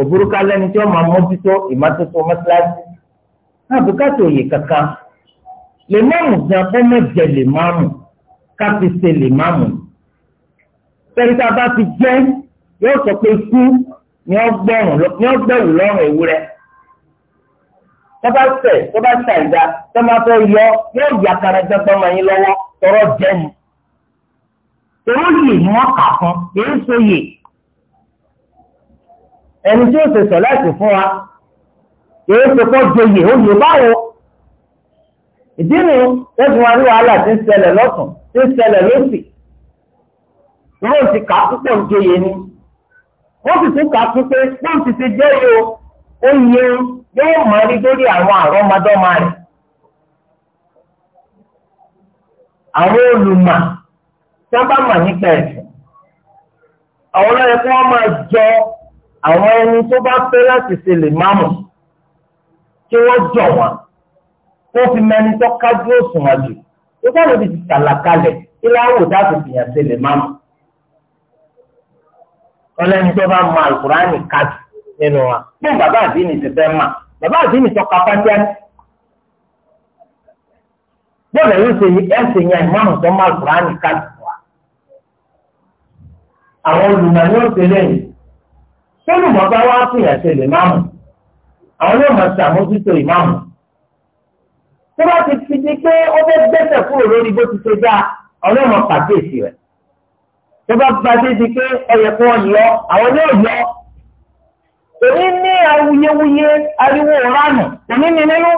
òbúrúkú alẹ́ni tí wọ́n máa mójútó ìmọ́tótó mọ́tíláṣí náà bùkátà òye kankan lè máàmù gan bó mẹ́jẹ lè máàmù ká fi ṣe lè máàmù tẹ́lẹ̀ tá a bá ti jẹ́ yóò sọ pé kú ni ó gbẹ̀rù lọ́rùn ewúrẹ́ tọ́ba sẹ̀ tọ́ba ṣàìdá tọ́ba tó yọ yóò yà kàrẹ́jọ́ tọ́mọ yín lọ́wọ́ tọ́rọ jẹ́nu. Èrò yìí ni wọ́n kà fún, èyí sóye ẹni tí ó ṣe láti fún wa kìí ṣe kọ́ joyè oyè báwo ìdí nu wa ní wàhálà tí ń ṣẹlẹ̀ lọ́sùn tí ń wọ́n ti kà púpọ̀ ni wọ́n sì tún kà pípé wọ́n ti ti o yóò máa rí àwọn ẹni tó bá fẹ́ láti ṣe lè máàmù kí wọ́n jọ wọn kó fi mẹni tó kájú òṣùwọ̀n jù tó sáré ti tàlàkalẹ̀ kí láwò dáàbò fìyàn ṣe lè máàmù. ọlẹ́ni tó bá mọ àlùkùránì kájú nínú wa fún bàbá àdínì ti fẹ́ mà bàbá àdínì tó kápá jẹ́ bọ́ọ̀lù ẹ̀rí ṣe ẹ̀sìn yẹn ìmáàmù tó mọ àlùkùránì kájú wa. àwọn olùmọ̀ yóò ṣe lẹ́yìn tọ́lùmọ̀ bá wá fún ìyàsẹ̀ lè máàmù àwọn yóò máa ṣàmójútó ìmáàmù tó bá ti fi di pé ó fẹ́ gbẹ́sẹ̀ kúrò lórí bó ti ṣe dáa àwọn yóò máa pàkíyèsí rẹ̀ tó bá bá dé di pé ẹyẹ kí wọ́n yọ àwọn yóò yọ èmi ní awuyewuye ariwo ránù èmi ní nínú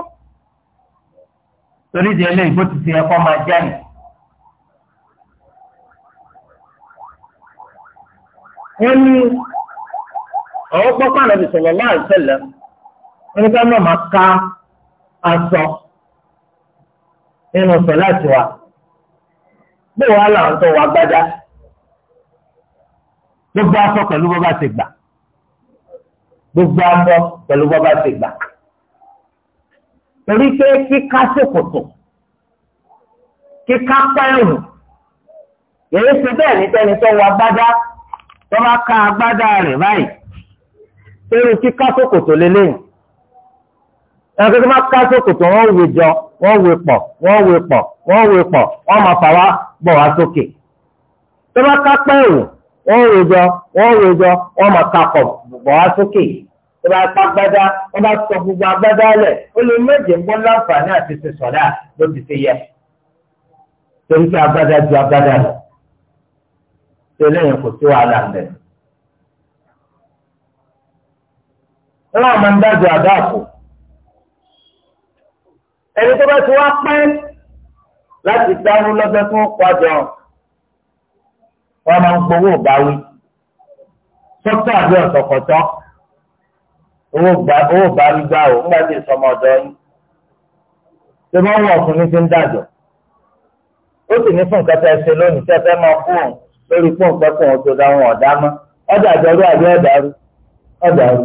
torí di eléyìí bó ti ṣe ẹ̀kọ́ máa jẹ́ nì. wọ́n àwọn gbọ́ pàrọ̀ bí sọ̀rọ̀ láì sẹ̀lẹ̀ wọ́n ní ká má máa ká aṣọ nínú sọ láti wà bí wàá làwọn tó wà gbádá gbogbo aṣọ pẹ̀lú bọ́ bá ti gbà gbogbo aṣọ pẹ̀lú bọ́ bá ti gbà torí pé kíká ṣòkòtò kíká pẹ́rù èyí ti bẹ́ẹ̀ ní tẹ́ni tó wà gbádá tó bá ká agbádá rẹ̀ báyìí irú kíká sókòtò lélẹ́yìn ẹnì kí wọ́n ká sókòtò wọ́n wé jọ wọ́n wé pọ̀ wọ́n wé pọ̀ wọ́n wé pọ̀ wọ́n máa fà wá bọ̀ wá sókè tí wọ́n ká pẹ́ẹ́rù wọ́n wé jọ wọ́n wé jọ wọ́n máa ká pọ̀ bọ̀ wá sókè tí wọ́n ká gbádá wọ́n bá sọ gbogbo agbádá lẹ̀ ó lè méje ń bọ́ láǹfààní àti ṣe sọ̀dá ló ti ṣe yẹ torí pé agbádá ju agbádá lọ tẹ́lẹ̀ yẹn kò sí wàhálà bẹ́ẹ̀. wọn àmọ́ ń dájọ́ àdáàfò ẹni tó bá ti wá pẹ́ láti dárú lọ́jọ́ tó ń pàjọ wọn máa ń gbowó báwí sọ́tọ̀ àbí ọ̀sọ̀kọ̀tọ̀ owó báwí gbà ó ńgbà tí ìsọmọ ọ̀dọ́ yín ṣé wọ́n ń wọ̀ fún ní ti ń dájọ́ ó sì ní fún nǹkan tẹ́ ẹ ṣe lónìí tẹ́ ẹ fẹ́ máa fún òun lórí fún nǹkan tó ń tó dáhùn ọ̀dá mọ́ ọ̀dà àjọrú àbí ọ̀dàrú ọ̀dàrú.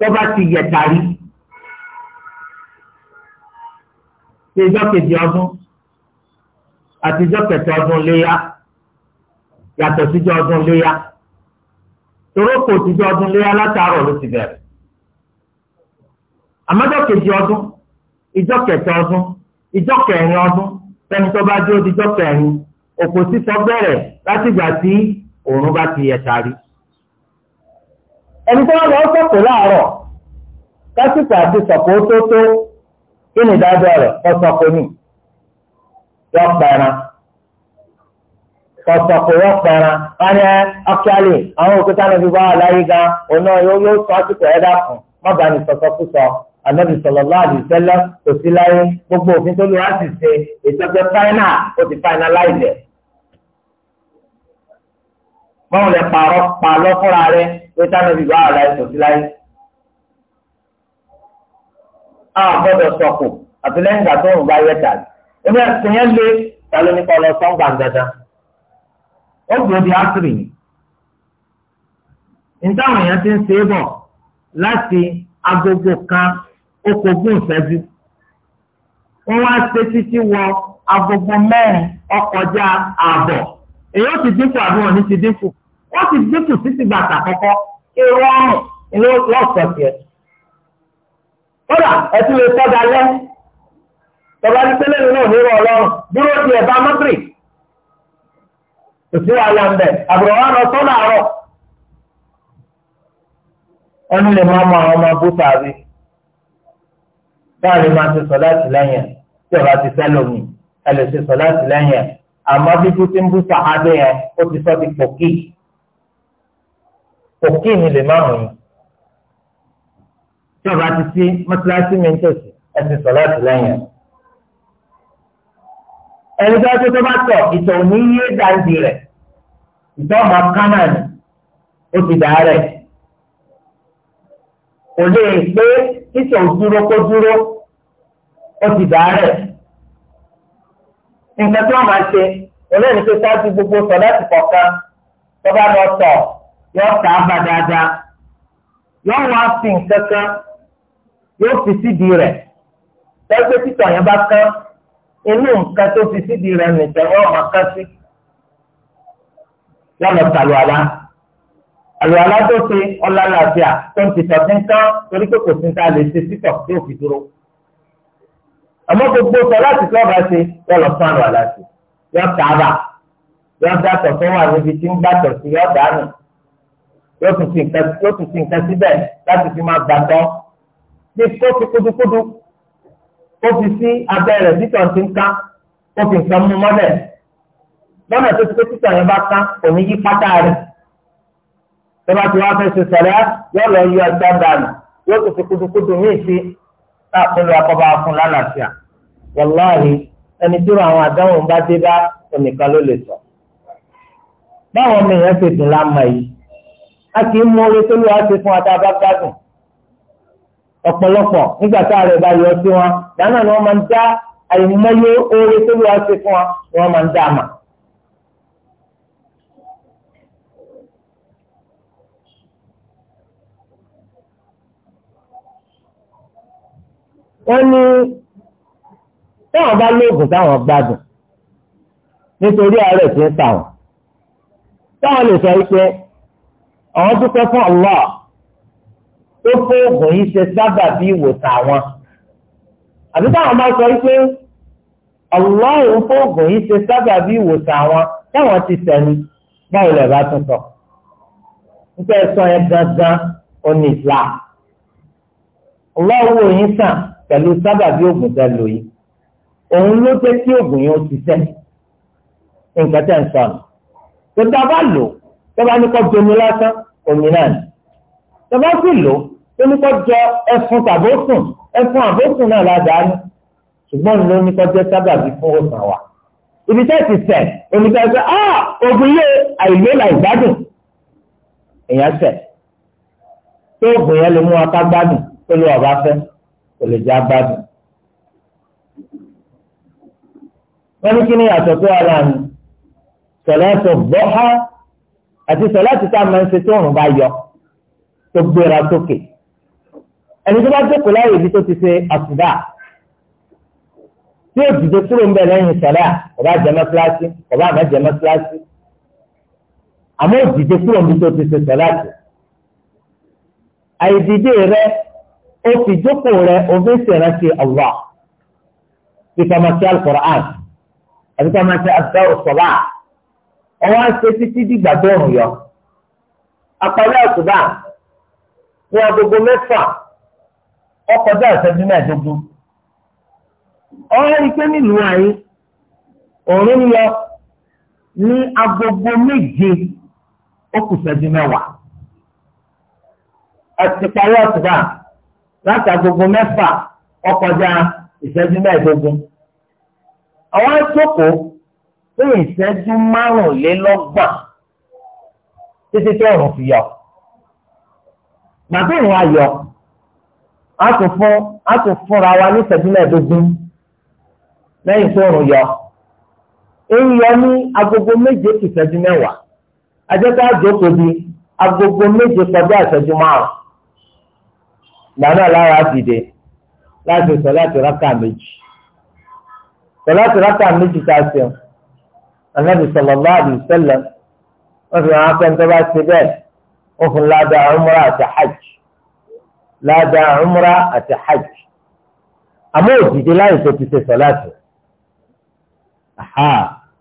tọ́ba ti yẹ tari ṣe ìjọ kejì ọdún àti ìjọ kẹta ọdún léyà yàtọ̀ síjọ ọdún léyà torókò tíjọ ọdún léyà látàárọ̀ ló ti bẹ̀rẹ̀ àmọ́jọ́ kejì ọdún ìjọ kẹta ọdún ìjọ kẹrin ọdún sẹ́ni tọ́ba dé ó dijọ́ kẹrin òkò sísọ bẹ̀rẹ̀ látìgbà tí òòrùn bá ti yẹ tari ẹni tó wọ́n lọ sọ̀kò láàárọ̀ kásìkò àti sọ̀kò tó tó kí ni ìdájọ́ rẹ̀ ọ̀sọ̀kò ni yọ pẹ̀ran ọ̀sọ̀kò yọ pẹ̀ran wọ́n ní ọ́kíálì àwọn òkúta náà fi bá wà láyé gan ọ̀nà yóò sọ àsìkò ẹ̀dá kan má bàa ní sọ̀sọ̀kùsọ̀ ànábì sallallahu alaihi wasallam kò sí láyé gbogbo òfin tó lè wá sì ṣe ìtọ́jú fáínà ó ti fáínà láìlẹ̀. báwo lè pààrọ̀ pààlọ́ fúnra rẹ̀ pé táwọn ibi báwa láì sọ sí láì. a gbọ́dọ̀ sọkù àti lẹ́yìn ìgbà tó ń bá yẹ tàbí. ebi ẹsìn yẹn lé tàló nípa ọlọ sọgbà dandan. ó gbọ́dọ̀ di àṣírí ni. nítawọn èèyàn ti ń ṣe é bọ̀ láti agogo kan okòógùn ìṣẹ́jú. wọ́n wá ṣe títí wọ agogo mẹ́rin ọkọjá ààbọ̀. èyí ó ti dínkù àbí wọn ní ti dínkù. wọ́n ti dínkù títí gbàtà kọ́kọ́ èrò ọrùn ló lọ́sọ̀ tiẹ̀. kódà ẹtí lè sọ́dà lẹ́ tọ́ba ní tẹ́lẹ̀ nínú òhèrè ọlọ́run dúró di ẹ̀bá mọ́tìrì kò sí wàhálà ń bẹ̀ àbúrò wa lọ sọ́nà àárọ̀ wọ́n lè máa mọ àwọn ọmọ bó sàárè báàlì máa ti sọ láti lẹ́yìn tí ọba ti fẹ́ lómi ẹ lè ṣe sọ láti lẹ́yìn àmọ́ bíbí tí ń bú sàárè yẹn ó ti sọ́ ti pò kíì òkè ni lè máa hàn yín tí ọba ti sí mọ́tíláṣí mi ń tòsí ẹ ti sọ láti lẹ́yìn ẹ̀. ẹni tó tó tó bá tọ̀ ìtọ̀ ò ní yé dáńdì rẹ̀ ìtọ̀ ọmọ kánà ó ti dà rẹ̀ kò lè pé ìtọ̀ dúró kó dúró ó ti dà rẹ̀ nǹkan tí wọ́n máa ṣe olóyìn tó ṣáájú gbogbo sọ̀ láti kọ̀ọ̀kan tó bá lọ tọ̀ yóò tà á bà dáadáa yóò wá sí nǹkan kan yóò fi sídìí rẹ̀ lẹ́gbẹ́ títọ̀ yẹn bá kán inú nǹkan tó fi sídìí rẹ̀ nìkan yóò máa kán sí lọ́nà tàlùwàlá àlùwàlá tó ṣe ọlọ́láfíà tó ń tìtọ̀ sí nǹkan torí pé kò sí nǹkan lè ṣe títọ̀ tí ò fi dúró àmọ́ gbogbo sọ láti tọ́ ọ̀bá ṣe yọ lọ fún àlùwàlá ṣe yọ tààbà yọ dàtọ̀ tó wà níbi tí ń gbàtọ̀ sí yọ dànù yóò tún fi nǹkan yóò tún fi nǹkan síbẹ̀ láti fi máa gbàtọ́ bí kó fi kúdukúdu kó fi sí abẹ́ rẹ̀ títọ̀ ti ń ká kó fi nǹkan mú mọ́lẹ̀ lọ́nà tó ti pé títọ̀ yẹn bá ká kò ní yí pátá rẹ̀ tó bá ti wá fẹ́ ṣe sẹ̀lẹ̀ yóò lọ yọ ẹgbẹ́ dànù yóò tún fi kúdukúdu míì sí láàpẹ̀lú akọ́bá fún lálàáfíà wàláhì ẹni tí àwọn àdáhùn bá dé bá ẹnìkan ló lè sọ báwọn ọmọ èèyàn ṣètò láàmà yìí a kì í mú orí tó lóra ṣe fún ata bá gbádùn ọ̀pọ̀lọpọ̀ nígbà tá a rẹ̀ bá yọ sí wọn dáná ni wọ́n máa ń dá àìmọye orí tó lóra ṣe fún wọn ni wọ́n máa ń dá àmà. wọ́n ní táwọn bá lóògùn táwọn gbádùn nítorí àárẹ̀ tí ń tà wọ́n táwọn lè sọ wípé àwọn dúpẹ́ fún Allah tó fóògùn yìí ṣe sábà bí ìwòsàn àwọn àbí táwọn máa sọ wípé Allah ń fóògùn yìí ṣe sábà bí ìwòsàn àwọn táwọn ti sẹ́ni báwo lè bá tún sọ nípa ẹ̀sọ́ yẹn gangan ó ní Islam Allah wò yín sàn pẹ̀lú sábà bí ògùn tẹ lò yìí òun ló jẹ́ kí ògùn yẹn ó ti sẹ́ nǹkan tẹ̀ ń sọnù tó dábàá lò tó bá ní kọ́ jomi lásán omi náà ni tọ́ba sì lò ó ní kó jọ ẹfun tàbósùn ẹfun àbósùn náà ládàá ní ṣùgbọ́n ló ní kó jẹ́ sábàbí fún òsàn wa ibi tẹ́ ti sẹ̀ omi tẹ́ sẹ́ ah ogun yé àìlè làìgbádùn èèyàn sẹ̀ tó oògùn yẹn lè mú wa ká gbádùn tó lè ọba fẹ́ kò lè jẹ́ agbádùn. wọ́n ní kí ni yàtọ̀ tó wà sọ̀lá tó bọ́ àti sọláàtì tá a máa ń ṣe tó òrùn bá yọ tó gbéra sókè ẹni tó bá jókòó láyè ibi tó ti ṣe àsùbá tí òjìjọ kúrò ń bẹ lẹ́yìn sọlá ọba jẹmọ kíláàsì ọba àmọ jẹmọ kíláàsì àmọ́ òjìjọ kúrò níbi tó ti ṣe sọláàtì àìdíje rẹ ó fi jókòó rẹ òfin ṣèrántí Allah fi kàmáṣí al-Qur'an àti kàmáṣí àdáwò sọlá ọwọ́ ń ṣe títí dìgbà tó rùn yọ. àpàlẹ àtúbà ní agogo mẹ́fà ọkọjá ìṣẹ́jú mẹ́ẹ̀ẹ́dógún. ọwọ́ rí pé nílùú ayé òórùn yọ ní agogo méje ó kù ìṣẹ́jú mẹ́wàá. àtìpàlẹ àtúbà láti agogo mẹ́fà ọkọjá ìṣẹ́jú mẹ́ẹ̀ẹ́dógún. àwọn àtòkò pé ìṣẹ́jú márùnlélọ́gbọ̀n títí tí ọ̀run fi yọ. Màbí ìrìn ayọ̀ á tún fún á tún fúnra wa ní ìṣẹ́jú mẹ́ẹ̀ẹ́dógún lẹ́yìn tó ọ̀run yọ. Èyí yọ ní agogo méje kù ìṣẹ́jú mẹ́wàá. Ajẹ́ká àjókòó di agogo méje kọjá ìṣẹ́jú márùn. Ìgbà lára dìde láti sọ láti rákà méjì. Sọ láti rákà méjì tá a anabi sọlọlá àdìsẹlẹ wọn fi hàn pẹ́ńtẹ́ bá ti bẹ́ẹ̀ ó fún ládàá umra àti hajj ládàá umra àti hajj àmọ́ òdìdí láì tó ti ṣe sọ̀láàtì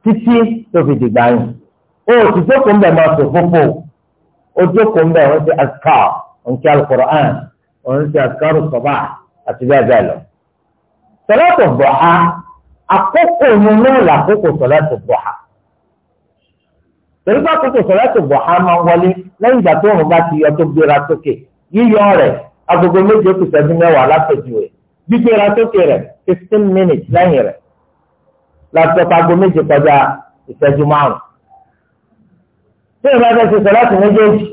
títí tó fi dìgbà yìí ó ti jókòó ń bẹ̀ máa sọ fúnfò ó jókòó ń bẹ̀ wọ́n ti àkà ònkí alukur'an òun ti àkàrù sọ̀bà àti bẹ́ẹ̀ bẹ́ẹ̀ lọ. sọ̀láàtì bọ̀ha àkókò yìí náà làkókò sọ̀láàtì bọ̀ha torí bá kókò sọ̀rọ̀ ẹ̀sìn bọ̀ á máa wọlé lẹ́yìn ìgbà tó òun bá ti yọ tó gbéra sókè yíyọ rẹ̀ agogo méje kù sẹ́jú mẹ́wàá látọ̀jú rẹ̀ gbígbéra sókè rẹ̀ fifteen minutes lẹ́yìn rẹ̀ látọ̀kọ̀ ago méje kọjá ìṣẹ́jú márùn. tí ìrìn àjò ṣe sọ̀rọ̀ ẹ̀sìn méjèèjì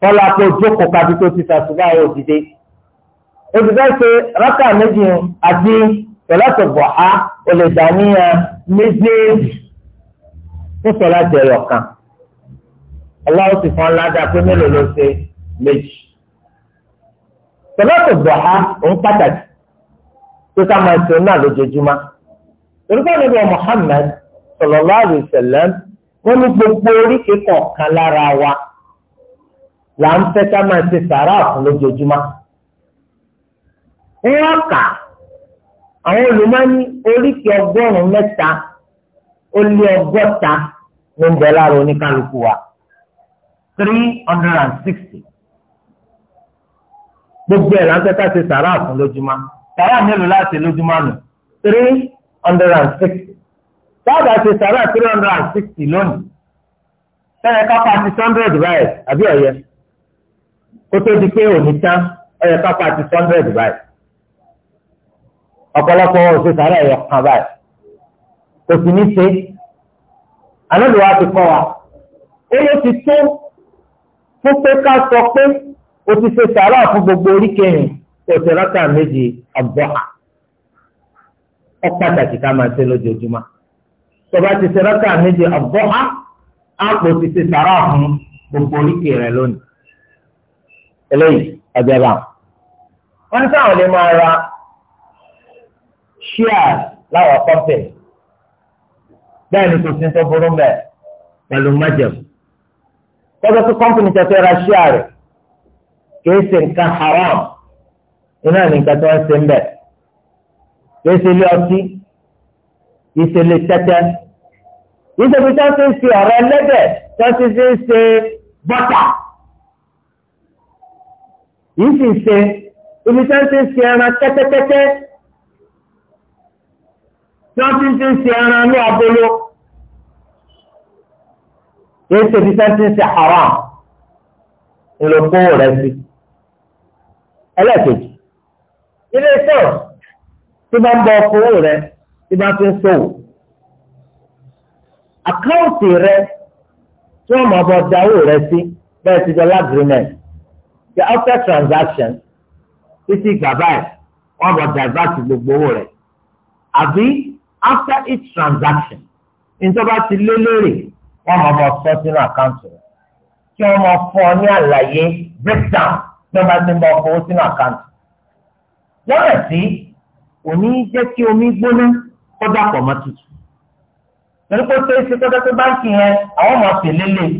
tọ́lá pé ojókòó kájú tó ti sàṣùgbà yóò dìde. òdìdá ṣe rákà méjì àti sọ̀rọ̀ fún sọlá ti ẹyọ kan ọlọ́run ti fún ọládà pé mélòó ló ṣe méjì sọlá tó bọ̀ á òun pàtàkì tó ká máa ṣe náà lójoojúmọ́ orúkọ níbi Muhammad sallallahu alaihi wasallam wọn ní gbogbo oríkèé kọ̀ọ̀kan lára wa là ń fẹ́ ká máa ṣe sàrà fún lójoojúmọ́ wọ́n kà àwọn olùmọ́ni oríkèé ọgọ́rùn-ún mẹ́ta ó lé ọgọ́ta ní ń bẹ lára oníkálukú wa three hundred and sixty gbogbo ẹ̀ lásán ká ṣe sàrà fún lójúmọ́ sàrà mélòó láti lójúmọ́ nù three hundred and sixty sábà ṣe sàrà three hundred and sixty lónìí sẹ́yìn kápá ti hundred báyìí àbí ọ̀yẹ́ kó tó di pé òní tán ọ̀yẹ́ kápá ti hundred báyìí ọ̀pọ̀lọpọ̀ ọ̀ṣẹ̀ sàrà ẹ̀yọ̀ kan báyìí kò sì ní ṣe àlọ́lù wa ti kọ́ wa ó ló ti tó fún pé ká sọ pé o ti ṣe sàárà fún gbogbo oríkèyìn òtún rákà méjì àbọ̀hà ó pàtàkì ká máa ṣe lójoojúmọ́ tọba ti ṣe rákà méjì àbọ̀hà àpò ti ṣe sàárà fún gbogbo oríkèyìn rẹ lónìí eléyìí ọjọba wọn ní sáwọn lè máa ra ṣíà láwọn kọ́ńtẹ̀ẹ́ bẹ́ẹ̀ ni kò sí tó burú mbẹ́ pẹ̀lú májẹ̀m. tọ́jọ́ tó kọ́mpìnì tẹ̀sẹ̀ ra ṣíà rẹ̀ kìí ṣe nǹkan haram iná ní nǹkan tó ń ṣe mbẹ́ kìí ṣe ilé ọtí kìí ṣe ilé tẹ́tẹ́ kìí ṣe fi tó ń ṣe ṣe ọ̀rọ̀ ẹlẹ́dẹ̀ tó ń ṣe ṣe ṣe bọ́tà kìí sì ṣe ẹran kẹ́tẹ́kẹ́tẹ́ tí wọ́n ti ń ti ń ṣe ẹran ní agolo kìí ṣe fi sẹ́ńtì ń ṣe haram ńlọkówó rẹ sí. ẹlẹ́ẹ̀kejì ilé iṣẹ́ tí bá ń bọ ọkọ̀wó rẹ tí bá ti ń ṣòwò àkáǹtì rẹ tí wọ́n máa bọ dáwó rẹ sí bẹ́ẹ̀ ti jọ lágrímẹ̀ntì the after transaction títí ìgbà báyìí wọ́n bọ dàgbà sí gbogbo owó rẹ̀ àbí after each transaction nítorí bá ti lé lérè wọ́n máa bọ̀ sọ sínú àkáǹtì rẹ̀ kí wọ́n máa fún ọ ní àlàyé breakdown tí wọ́n bá ti ń bọ̀ fowó sínú àkáǹtì. lọ́nà tí òní jẹ́ kí omi gbóná kó dàpọ̀ mọ́ tutù. torí pé ṣé ṣe tọ́jọ́ pé báńkì yẹn àwọn máa fi lélẹ̀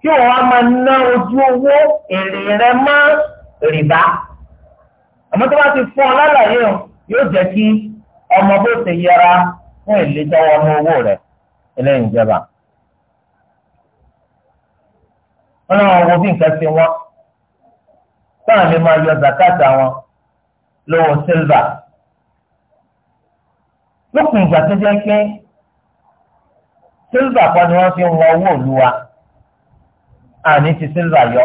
kí wọ́n á máa ná ojú owó èrè rẹ̀ mọ́ rìbá. àmọ́ tó bá ti fún ọ lálàyé yóò jẹ́ kí ọmọ bó ṣe yẹra fún èlé tọwọ́ ọmọ owó rẹ̀ eléyìí ìjọba. wọ́n náà wo bí nǹkan ṣe wọ́n táwọn lè máa yọ zakata wọn lówó sílvà lókun ìgbà tó jẹ́ pé sílvà kan ni wọ́n fi ń wọn owó òlu wa àní ti sílvà yọ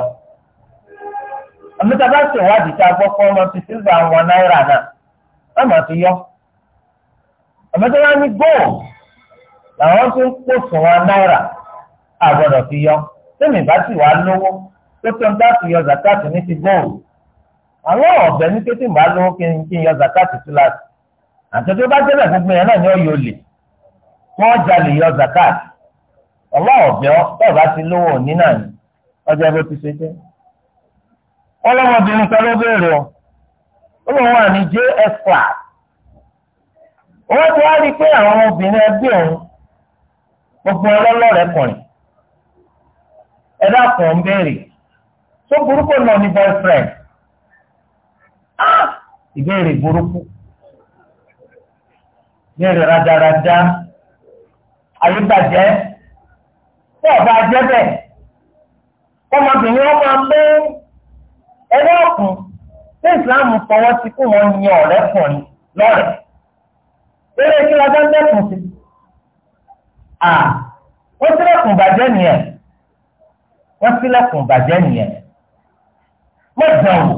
àmì tá a bá ṣèwádìí tá a gbọ́ pé wọ́n ti sílvà wọn náírà náà wọ́n máa fi yọ àmọ́tọ́ wá ní góò làwọn tó ń pò fún wa náírà àgbọ̀dọ̀ fi yọ tẹ́mi bá sì wá lówó tó tó ń bá fi yọ zakati ní ti góò àwọn ọ̀bẹ ní kété bá lówó kí n yọ zakati tó láti àtẹ̀tẹ̀ tó bá jẹ́bẹ̀ gbogbo yẹn náà ni ó yọ lè wọ́n jalè yọ zakati ọ̀lá ọ̀bẹ tó bá ti lówó òní náà ni ọjà bó ti ṣe jẹ́ ọlọ́mọbìnrin kan ló béèrè o ó lóun wà ní js class wọ́n ti wá rí i pé àwọn obìnrin ẹgbẹ́ òun gbogbo ọlọ́lọ́rẹ̀kùnrin ẹ̀dá kan ń béèrè tó burúkú náà ní boyfriend ìbéèrè burúkú ìbéèrè rádaràda àyíbàjẹ́ tó ọba jẹ́bẹ̀ ọmọbìnrin wọn máa mú ẹgbẹ́ ọ̀kùn tí ìsìláàmù fọwọ́ sí kí wọ́n yan ọ̀rẹ́kùnrin lọ́rẹ̀ẹ́ eré kí la dáńdá kùn sí. à wọ́n sílẹ̀kùn bàjẹ́ nìyẹn wọ́n sílẹ̀kùn bàjẹ́ nìyẹn mọ̀ dàn wò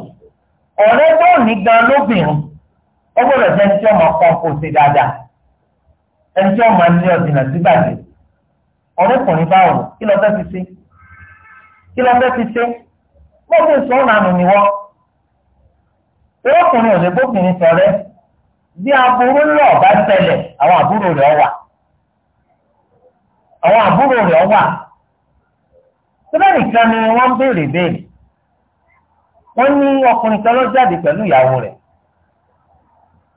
ọ̀rẹ́ tó ní gan lóbìnrin ó gbọ́dọ̀ jẹ́ ẹni tí ọmọ kan kò ṣe dáadáa ẹni tí ọmọ ẹni ọ̀dìnà síbàjẹ́ ọ̀rẹ́kùnrin báwo kí lọ fẹ́ fi ṣe kí lọ fẹ́ fi ṣe mọ̀ bí sọ̀rọ̀ àná ni wọ́n ọ̀rẹ́kùnrin ò lè bóbìnrin sọ̀rẹ́ bí aburú náà bá tẹ́lẹ̀ àwọn àbúrò rẹ̀ wà àwọn àbúrò rẹ̀ wà síbẹ̀ nìkan ni wọ́n ń béèrè béèrè wọ́n ní ọkùnrin kan ló jáde pẹ̀lú ìyàwó rẹ̀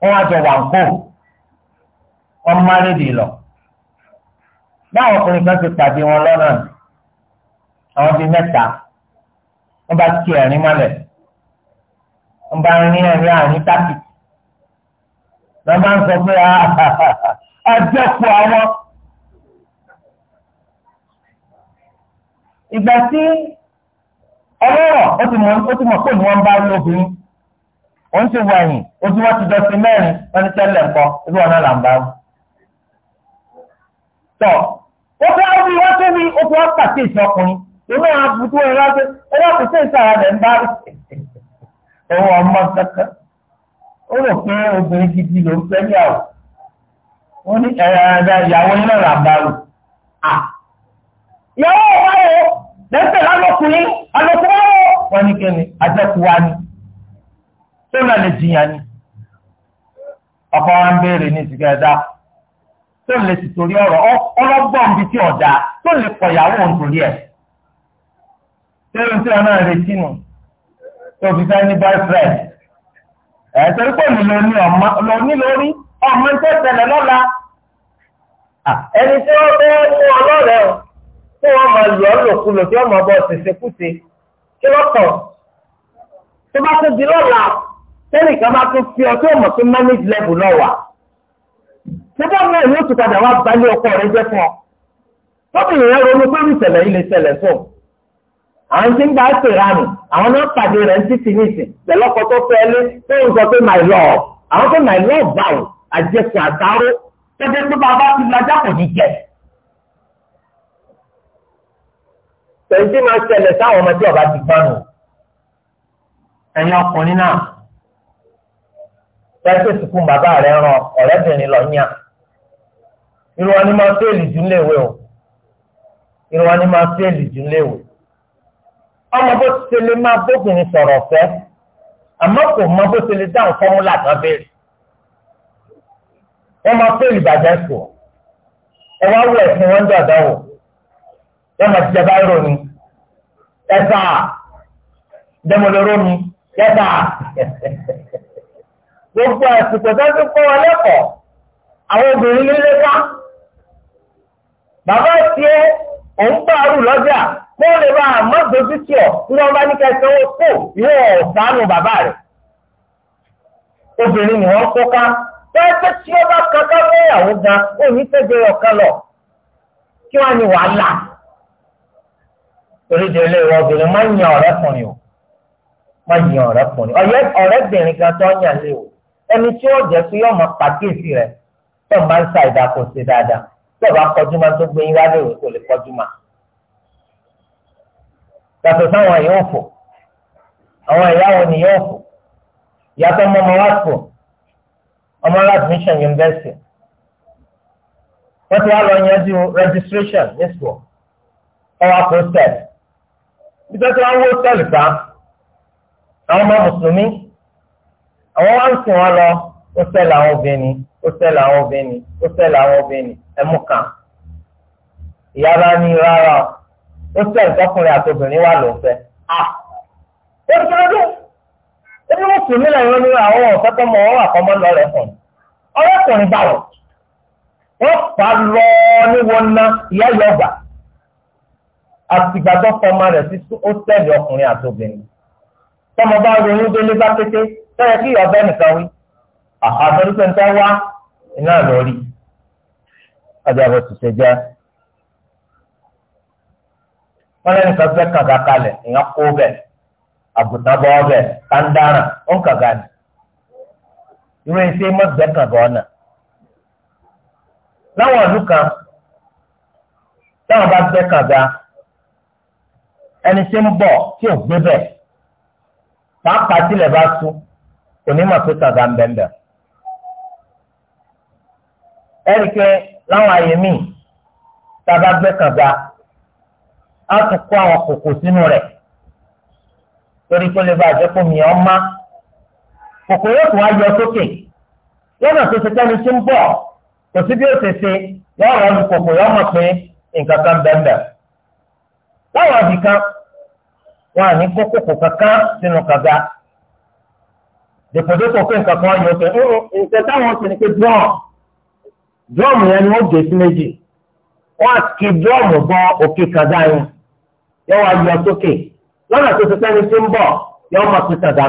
wọ́n á jọ wà ń kó wọ́n márèdì lọ báwọn ọkùnrin kan ti pàdé wọn lọ́nà àwọn bíi mẹ́ta wọ́n bá kí ẹ̀rín mọ́lẹ̀ wọ́n bá rin ẹ̀rín àárín tákìtì ẹ máa ń sọ pé àjẹkù ah, àwọn. ìgbà tí ọlọ́rọ̀ ó ti mọ̀ ó ti mọ̀ pé wọ́n bá lóbìnrin wọ́n ti wà yìí ó ti wọ́n ti dọ̀sí mẹ́rin wọ́n ti tẹ́lẹ̀ kọ́ irú ọ̀nà là ń bá wù. tọ́ ó fẹ́ wí wọ́n tó ó fi wọ́n pàkíyèsí ọkùnrin inú àwọn àbùkù ẹ̀rọ ẹ̀rọ kò sí ìsàrà rẹ̀ ń bá rí. ọmọ kankan ó rò pé obìnrin gidi ló ń fẹ́ níyàwó wọ́n ní ẹ̀ẹ́dá ìyàwó iná rà bàrù à ìyàwó ọ̀wáwò lẹ́sẹ̀ lálọ́kùnrin alọ́kùnrin wọ́n ní kíni ajẹ́kùwá ni tó ń lè jiyàn ni ọkọ wa ń béèrè ní ìsìnkú ẹ̀dá tó ń lè sì torí ọ̀rọ̀ ọlọ́gbọ́n bíi tí ọ̀dà tó ń lè pọ̀ ìyàwó òun torí ẹ̀ tẹ́lẹ̀ tí wọn náà retí nù tó fi fẹ́ ní boyfriend ẹ̀ẹ́dẹ́rú pẹ̀lú lọ ní ọmọ lọ ní lórí ọmọ tó tẹ̀lé lọ́la ẹni tí wọ́n fẹ́ fún ọ lọ́rẹ̀ ọ tí wọ́n máa lù ọ́ lòkulò tí wọ́n máa bọ̀ ṣèṣekúṣe kí wọ́n kọ̀ tó bá tún di lọ́la tẹ́lẹ̀ kan bá tún fi ọ tí ọmọ tó manage level náà wà tó bá náà yóò tún padà wá balẹ̀ ọkọ rẹ jẹ́ fún ọ tóbi ìyẹn ronú pé ìṣẹ̀lẹ̀ yìí lè ṣẹlẹ̀ fún ọ àwọn tí ń gba ìpèrànù àwọn náà pàdé rẹ̀ ń títí nìsín lọ́kọ̀ tó fẹ́ lé tó ń sọ pé my love àwọn pé my love báwo àjẹsọ àtàrò tẹ́tẹ́ tó bá bá ti lajá kò ní jẹ. tẹ̀sí máa ṣẹlẹ̀ sáwọn ọmọ tí ọba ti gbọ́nù ẹ̀yin ọkùnrin náà tẹ́sí sùkún bàbá rẹ̀ ràn ọ̀rẹ́bìnrin lọ yàn irun wọn ni máa fẹ́ẹ̀lì jù léwe o irun wọn ni máa fẹ́ẹ̀lì jù léwe o ọmọ bó ti lè máa bóbìnrin sọ̀rọ̀ fẹ́ àmọ́ kò mọ bó ti lè dáhùn fọ́múlà kan béèrè wọ́n máa fẹ́ ìbàjẹ́ sùn ẹ wá wọ ẹ̀sìn wọn jọ àdáwò wọ́n máa jẹ báyìí ròyìn ẹ̀fà dẹ́mọ̀lẹ́rọ́ mi yẹ́fà gbogbo àsìkò tó ti kọ́ wọn lẹ́kọ̀ọ́ àwọn obìnrin nílé ká bàbá tiẹ̀ òun pààrọ̀ lọ́jà kó lè bá a má dojú tì ọ́ ní wọ́n bá ní ká ẹsẹ̀ owó kó ìwé ọ̀sánù bàbá rẹ̀. obìnrin ni wọ́n kó ká pẹ́ẹ́pẹ́ tí ó bá kankan fẹ́yàwó gan òní tẹ́jọ́ ọ̀kan lọ kí wọ́n ní wàhálà. torí délé ìwọ obìnrin máa ń yan ọ̀rẹ́kùnrin o máa ń yan ọ̀rẹ́kùnrin ọ̀rẹ́bìnrin gan tó ń yàn lé o ẹni tí ó jẹ́ pé ọmọ pàkíyèsí rẹ̀ tó máa ń sa ìdàkọ̀sẹ̀ dáadáa tó bá kọjú máa tó gbé yín wálé òun kò lè kọjú máa yàtọ̀ sáwọn ẹ̀yà òfò àwọn ẹ̀yà ni yóò fò yàtọ̀ mọ́mọ́ wá fò ọmọ admission university wọ́n ti wá lọ yanjú registration ní school ọwọ́ hostel ibi tí wọ́n wó hostel ta àwọn ọmọ mùsùlùmí àwọn wá ń sìn wọn lọ hostel àwọn obìnrin hostel àwọn obìnrin hostel àwọn obìnrin ẹ̀mú kan ìyá bá ní rárá o ó fẹ́ ìtọ́kùnrin àtòbìnrin wà ló ń fẹ́. ó ti rọ́dọ̀ ebi wọ́n sùn nílẹ̀ yẹn ní àwọn ọ̀sẹ́tọ́ mọ ọ̀rọ̀ àkọ́mọ́ lọ rẹ̀ fún un. ọlọ́kùnrin bá wọ̀ wọ́n fà á lọ ní wọn ná ìyá yọ ọgbà àtìgbà tó fọmọ rẹ̀ sí hósítẹ́ẹ̀lì ọkùnrin àtòbìnrin. tọmọ bá ronú délé bá kété sọ́yẹ kí ìyá ọbẹ̀ nìkan wí. àtọ́jú pé ń tẹ́ wá iná lórí. ọjà bó ti ṣe jẹ́ wọn lẹni kan fẹ́ kàga kalẹ̀ èèyàn kó bẹ àgùntàn bọ bẹ kandara ó ń kàga ni irú ẹsẹ mọgbẹ kàga ọnà láwọn ìlú kan táwọn bá gbẹ́ kàga ẹni tí ń bọ̀ tí ò gbé bẹ pàápàá tilẹ̀ bá tú onímọ̀ tó kàga ń á tún kó àwọn kòkò sínú rẹ̀ torí kó lè bá àjẹpọ̀ mi ọ́n má kòkò yóò tún wá yọ sókè lọ́nà tó ti tẹ́ni tí ń bọ̀ kò sí bí ó ti ṣe yọ̀ọ́ rọ̀ lu kòkò yọ̀ọ́ mọ̀ pé nǹkan kan bẹ́ẹ̀ bẹ́ẹ̀ àbíkan wọn à ní kó kòkò kankan sínú kàga dèpòdépò pé nǹkan kan yọ pé nǹkan táwọn ṣe ni pé drum drum yẹn ni wọ́n gé sí méjì wọ́n á kí drum bọ òkè kàga yẹn. yọ wá yọ sókè lọ́nà tó ti pẹ́ni tí yọ ọmọ tó tẹ̀ dá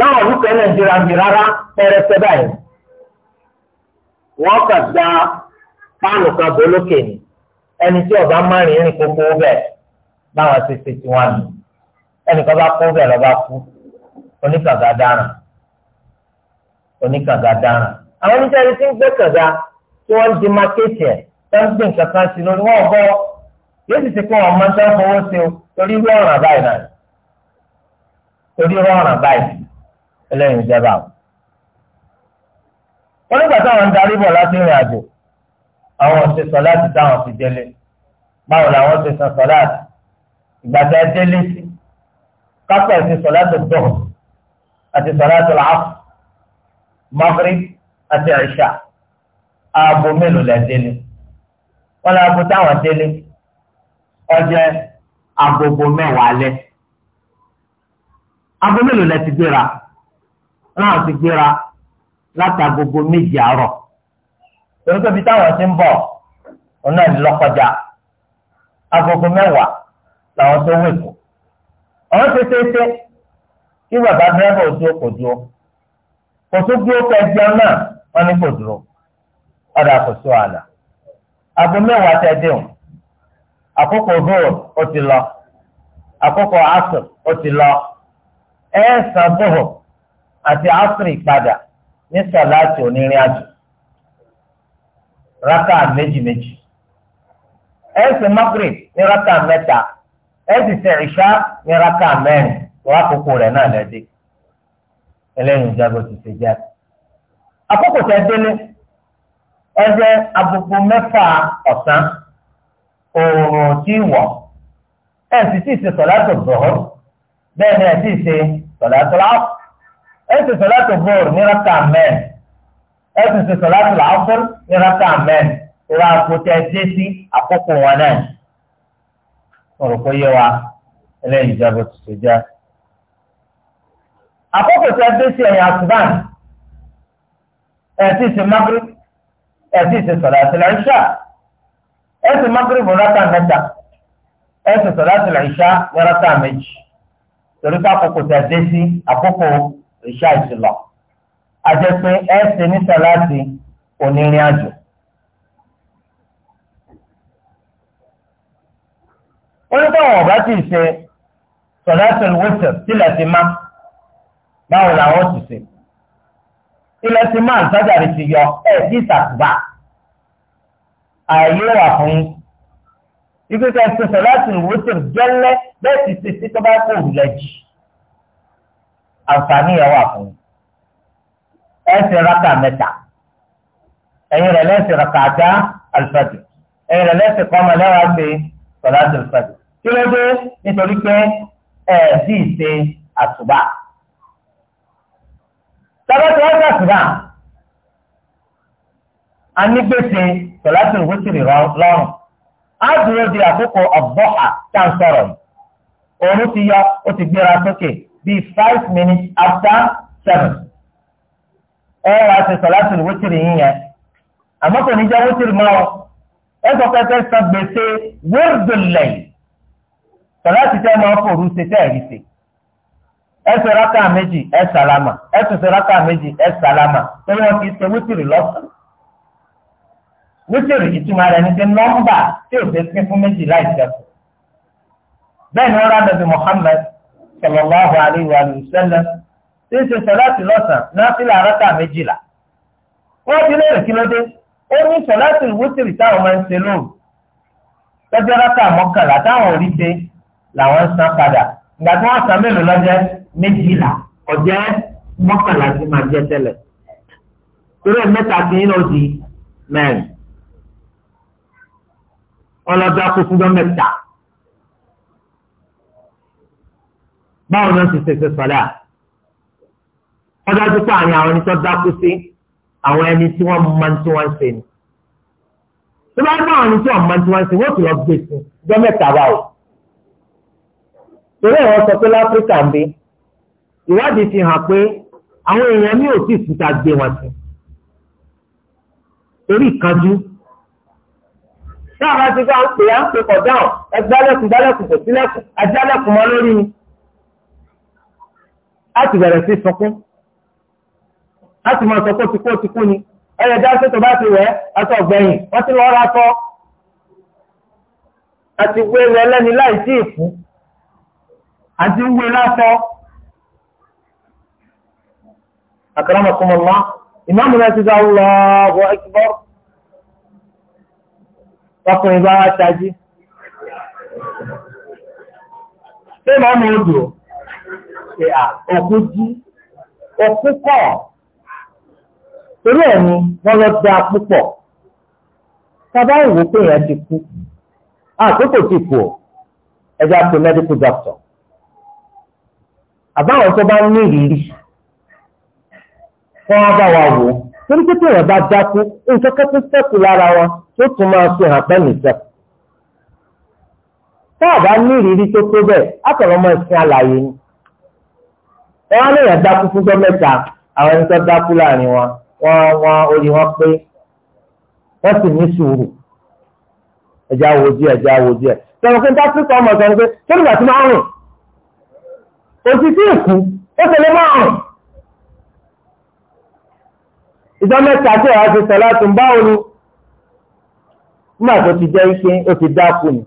láwọn olùkọ́ nàìjíríà ń rárá pẹrẹsẹ báyìí da páànù kan lókè ni ẹni tí ọba márùn-ún rìn kókó bẹ́ẹ̀ báwọn ti ṣe tiwọn nù ẹnìkan bá kó bẹ́ẹ̀ lọ́ba kú oníkàgá dáràn oníkàgá dáràn àwọn oníṣẹ́ ẹni tí ń gbé kàgá tí wọ́n ń di ẹ̀ yóò sì ti kó ọmọ tó ń fowó sí o torí irú ọ̀ràn báyìí náà torí irú ọ̀ràn báyìí ẹlẹ́yìn ìjọba o. wọ́n nígbà táwọn ń darí bọ̀ láti rìn àjò àwọn ṣe sọ láti táwọn fi délé báwo làwọn ṣe san sọ láti ìgbà tí a délé sí kápẹ́ ti sọ dùn àti sọ láti mọ́fírí àti àìṣà aago mélòó lẹ́ délé wọ́n lọ aago táwọn délé ọjẹ́ agogo mẹ́wàá lẹ́ agogo mélòó lẹ ti gbéra náà ti gbéra látagogo méjì àárọ̀ torí pé ibi táwọn ti ń bọ̀ òun náà ní lọ́kọjá agogo mẹ́wàá làwọn tó wẹ̀ kù àwọn ṣe ṣeéṣe kí bàbá dẹ́rẹ́bà ò kò dúró kò tó dúró kọ ẹgbẹ́ náà wọ́n ní kò dúró ọ̀dà kò tó àlà agogo mẹ́wàá tẹ́ dé òun. àkókò zuhur ó ti lọ àkókò asr ó ti lọ ẹ san zuhur àti asr padà ní sàláàtì onírìn àjò rákà méjì méjì ẹ ní rákà mẹ́ta ẹ sì ní rákà mẹ́rin wọ́n rẹ̀ náà lẹ́dí ẹlẹ́yin ìjábọ̀ ti ṣe jáde àkókò tẹ́ délé ẹ jẹ́ oòrùn tí wọ̀ ẹ̀ sì tí ì ṣe sọ̀látò zuhur bẹ́ẹ̀ ni ẹ̀ sì ṣe sọ̀látò láàf ẹ̀ sì sọ̀látò zuhur ní rákà mẹ́rin ẹ̀ sì ṣe sọ̀látò láàf ní rákà mẹ́rin ìwà àkótẹ́ dé sí àkókò wọn náà ọ̀rọ̀ kó yé wa eléyìí ìjábọ̀ tó ṣe jẹ́. àkókò tí a dé sí ẹ̀yìn àtúbàn ẹ̀ sì ṣe maghrib ẹ̀ sì ṣe sọ̀látò láàṣà ẹsùn magrib rákà mẹ́ta ẹsùn sọláàtì ìṣá rákà méjì torí pé àkókò tẹ dé sí àkókò ìṣá ìṣìlọ àjẹpé ẹsùn ní sọláàtì onírìn àjò. wọ́n ní báwọn ọ̀bá ti ṣe sọ̀dáṣọ ìwòsàn sílẹ̀ ti má báwo làwọn ti ṣe ilẹ̀ ti má àtàjàre ti yọ ẹ̀ ìtàkùbà ààyè wà fún yín ikú ká ṣe sọ láti wò ó tẹ̀lé gẹ́lẹ́ bẹ́ẹ̀ ti ṣe sí tó bá kó òrùlé jì àǹfààní yẹn wà fún yín ẹ ṣe rákà mẹ́ta ẹ̀yin rẹ̀ lẹ́sìn rákà àdá alifájì ẹ̀yin rẹ̀ lẹ́sìn kọ́mọ lẹ́wàá gbé sọ̀rọ̀ àti kí ló dé nítorí pé ẹ̀ sì ṣe àtúbà. sábà tí wọ́n ṣàtúbà a ní gbèsè tọ́lásì wítìrì lọ́rùn á dúró di àkókò ọ̀bọ́hà tá à ń sọ̀rọ̀ òun ti yọ ó ti gbéra sókè bíi five minutes after seven ẹ wá ṣe tọ́lásì wítìrì yín yẹn àmọ́ kò ní jẹ́ wítìrì mọ́ ọ ẹ sọ pé fẹ́ san gbèsè wíìdùlẹ̀ tọ́lásì tẹ́ máa fòrú ṣe tẹ́ ẹ̀rí ṣe ẹ ṣe rákà méjì ẹ sàlámà ẹ tún ṣe rákà méjì ẹ sàlámà torí wọn kì í ṣe wítìrì lọ́sàn-án wítìrì ìtumọ̀ rẹ̀ ní pé nọ́mbà tí ò fẹ́ pín fún méjì láì sẹ́kù. bẹ́ẹ̀ ni wọ́n rá nàbì Muhammad sallallahu alayhi wa sallam tí ń ṣe sọ̀láàtì lọ́sàn-án náà fi làárọ̀ tà méjìlá. wọ́n ti léèrè kí ló dé ó ní sọ̀láàtì wítìrì táwọn máa ń ṣe lóru lọ́jọ́ rákà mọ́kànlá táwọn orí ṣe làwọn ń san padà ìgbà tí wọ́n san mélòó lọ́jọ́ méjìlá ọ̀jẹ́ mọ́kànlá ti máa jẹ́ tẹ́lẹ̀ torí ẹ̀ mẹ́ta kì lọ di mẹ́rin ọlọ́dà kó fúnjọ́ mẹ́ta báwo náà ti ṣẹṣẹ sọdá ọdájú pé àyàn àwọn ẹni tó dákú sí àwọn ẹni tí wọ́n máa ń tí wọ́n ń ṣe ni tó bá dá àwọn ẹni tí wọ́n máa ń tí wọ́n ń ṣe wọ́n ti lọ gbé sí ọjọ́ mẹ́ta báwo torí àwọn sọ pé láfíríkà ń bí ìwádìí fi hàn pé àwọn èèyàn ní òtí ìfúta gbé wọn sí torí ìkanjú náà bá ti gbà ń pè á ń pè kọ̀ dáhùn ẹgbẹ́lẹ́kùn gbẹ́lẹ́kùn kò sílẹ̀kùn ajálẹ̀kùn mọ́ lórí ni. a ti bẹ̀rẹ̀ sí sọkún a ti máa sọkún tikún tikún ni ẹyẹ dá sí tó bá ti wẹ̀ aṣọ ọ̀gbẹ̀yìn wọ́n ti lọ́ọ́ ra sọ. àti wé rẹ lẹ́ni láì sí ìfú àti wé lásọ. àkàrà mọ̀kúnmọ́ ìmáàmù náà ti dá Allahu Akbar ọkùnrin bá wá tají. ṣé màá mú odò ṣe à òkú jí òkú kọ̀ torí ẹ̀ ni wọ́n lọ da púpọ̀ tábà ìwò pé èèyàn ti kú àkókò ti kù ẹja pé medical doctor àbáwọn tó bá ní ìrírí wọ́n á bá wa wò ó torí pé tí èèyàn bá dákú nǹkan kan tó sẹ́kù lára wọn tó tún máa fi hàn pẹ́ nìjọ. tá a bá ní ìrírí tó tó bẹ́ẹ̀ àtọ̀rọ̀ máa sin àlàyé ni. ẹ wá lè yàn dákú fúnjọ́ mẹ́ta àwọn ẹni tó dákú láàrin wọn wọn wọn orí wọn pé wọ́n sì ní sùúrù ẹja wo díẹ̀ ẹja wo díẹ̀. sọ̀rọ̀ pé dákú sọ ọmọ sọ ni pé kí ni bàtí máa rùn òtítí èkú ó tẹ̀lé máa rùn ìjọ mẹ́ta tí wàá ti sọ̀lá tó bá òru nígbà tó ti jẹ́ ike ó ti dákú ni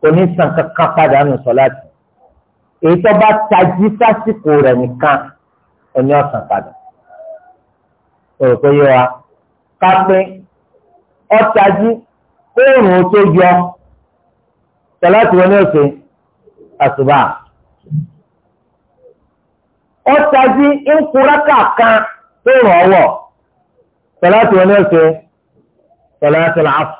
kò ní san kankan padà nù sọ̀lá tì èyí tó bá tají sásìkò rẹ̀ nìkan ẹni ọ̀sán padà èrò pé yé wa ká pé ọ̀tají oòrùn tó yọ sọ̀lá tì wọ́n ní ọ̀sẹ̀ àṣùbà ọ̀tají ń kúrákà kan tó rọ̀ ọ̀wọ̀ sọláàtì wọn náà ṣe sọláàtì làásù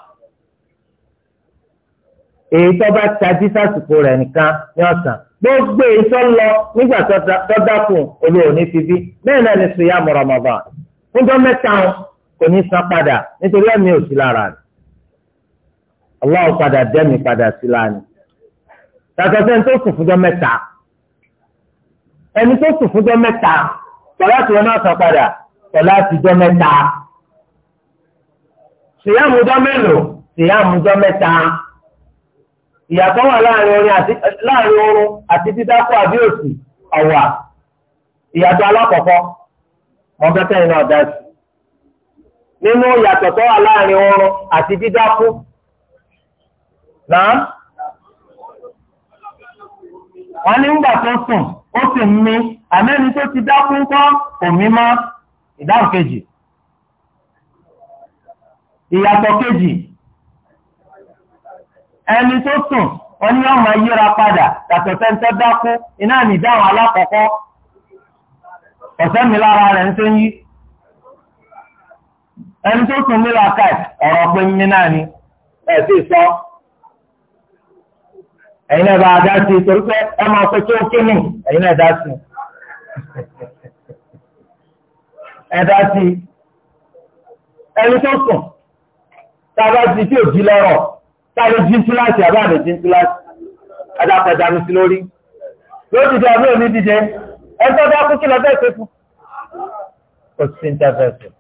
èyí tó bá tají sásìkò rẹ̀ nìkan ní ọ̀sán gbogbo èyí tó lọ nígbà tó dákun olú òní fi bí bẹ́ẹ̀ náà ni sùn yá mọ̀rọ̀mọ̀bà fúnjọ́ mẹ́ta kò ní san padà nítorí ẹ̀mí ò sí lára rẹ̀ ọlọ́run padà dẹ́mi padà sí lánìí tàtà sẹ́ni tó sùn fúnjọ́ mẹ́ta ẹni tó sùn fúnjọ́ mẹ́ta sọláàtì wọn náà san padà sọláàtì jọ mẹ́ta síyàmù ọjọ́ mélòó síyàmù ọjọ́ mẹ́ta ìyàtọ̀ wà láàrin oorun àti dídákọ̀ àbíòsì ọ̀wà ìyàtọ̀ alákọ̀ọ́kọ́ ọ̀gbẹ́tẹ̀ iná ọ̀dà sí nínú ìyàtọ̀ tó wà láàrin oorun àti dídákọ̀ náà wọ́n ní ńgbà tó sùn ó sì ń mí àmẹ́ni tó ti dákú ńkọ́ òmí mọ́ ìdáhùn kejì. ìyàtọ̀ kejì ẹni tó sùn oní ọmọ yíra padà yàtọ̀ sẹ́ńtẹ́ dákú iná ní ìdáhùn alákọ̀ọ́kọ́ ọ̀sẹ́ mi lára rẹ̀ ń sẹ́yìn ẹni tó sùn mí làákàì ọ̀rọ̀ pé ń mí náà ni ẹ̀ sì sọ ẹ̀yin náà bá a dá sí i torí pé ẹ máa sọ tó kíni ẹ̀yin náà dá sí ẹ dá sí ẹni tó sùn. tá a bá ti tí òjì lọ́rọ̀ tá a lè jí kíláàsì àbá lè jí kíláàsì adàpẹ̀dà mi sí lórí yóò dìde àbí òní dìde ẹ tọ́jú akókè lọ́fẹ̀ẹ́ fẹ́ fún òsì ń tẹ́ fẹ́ fún.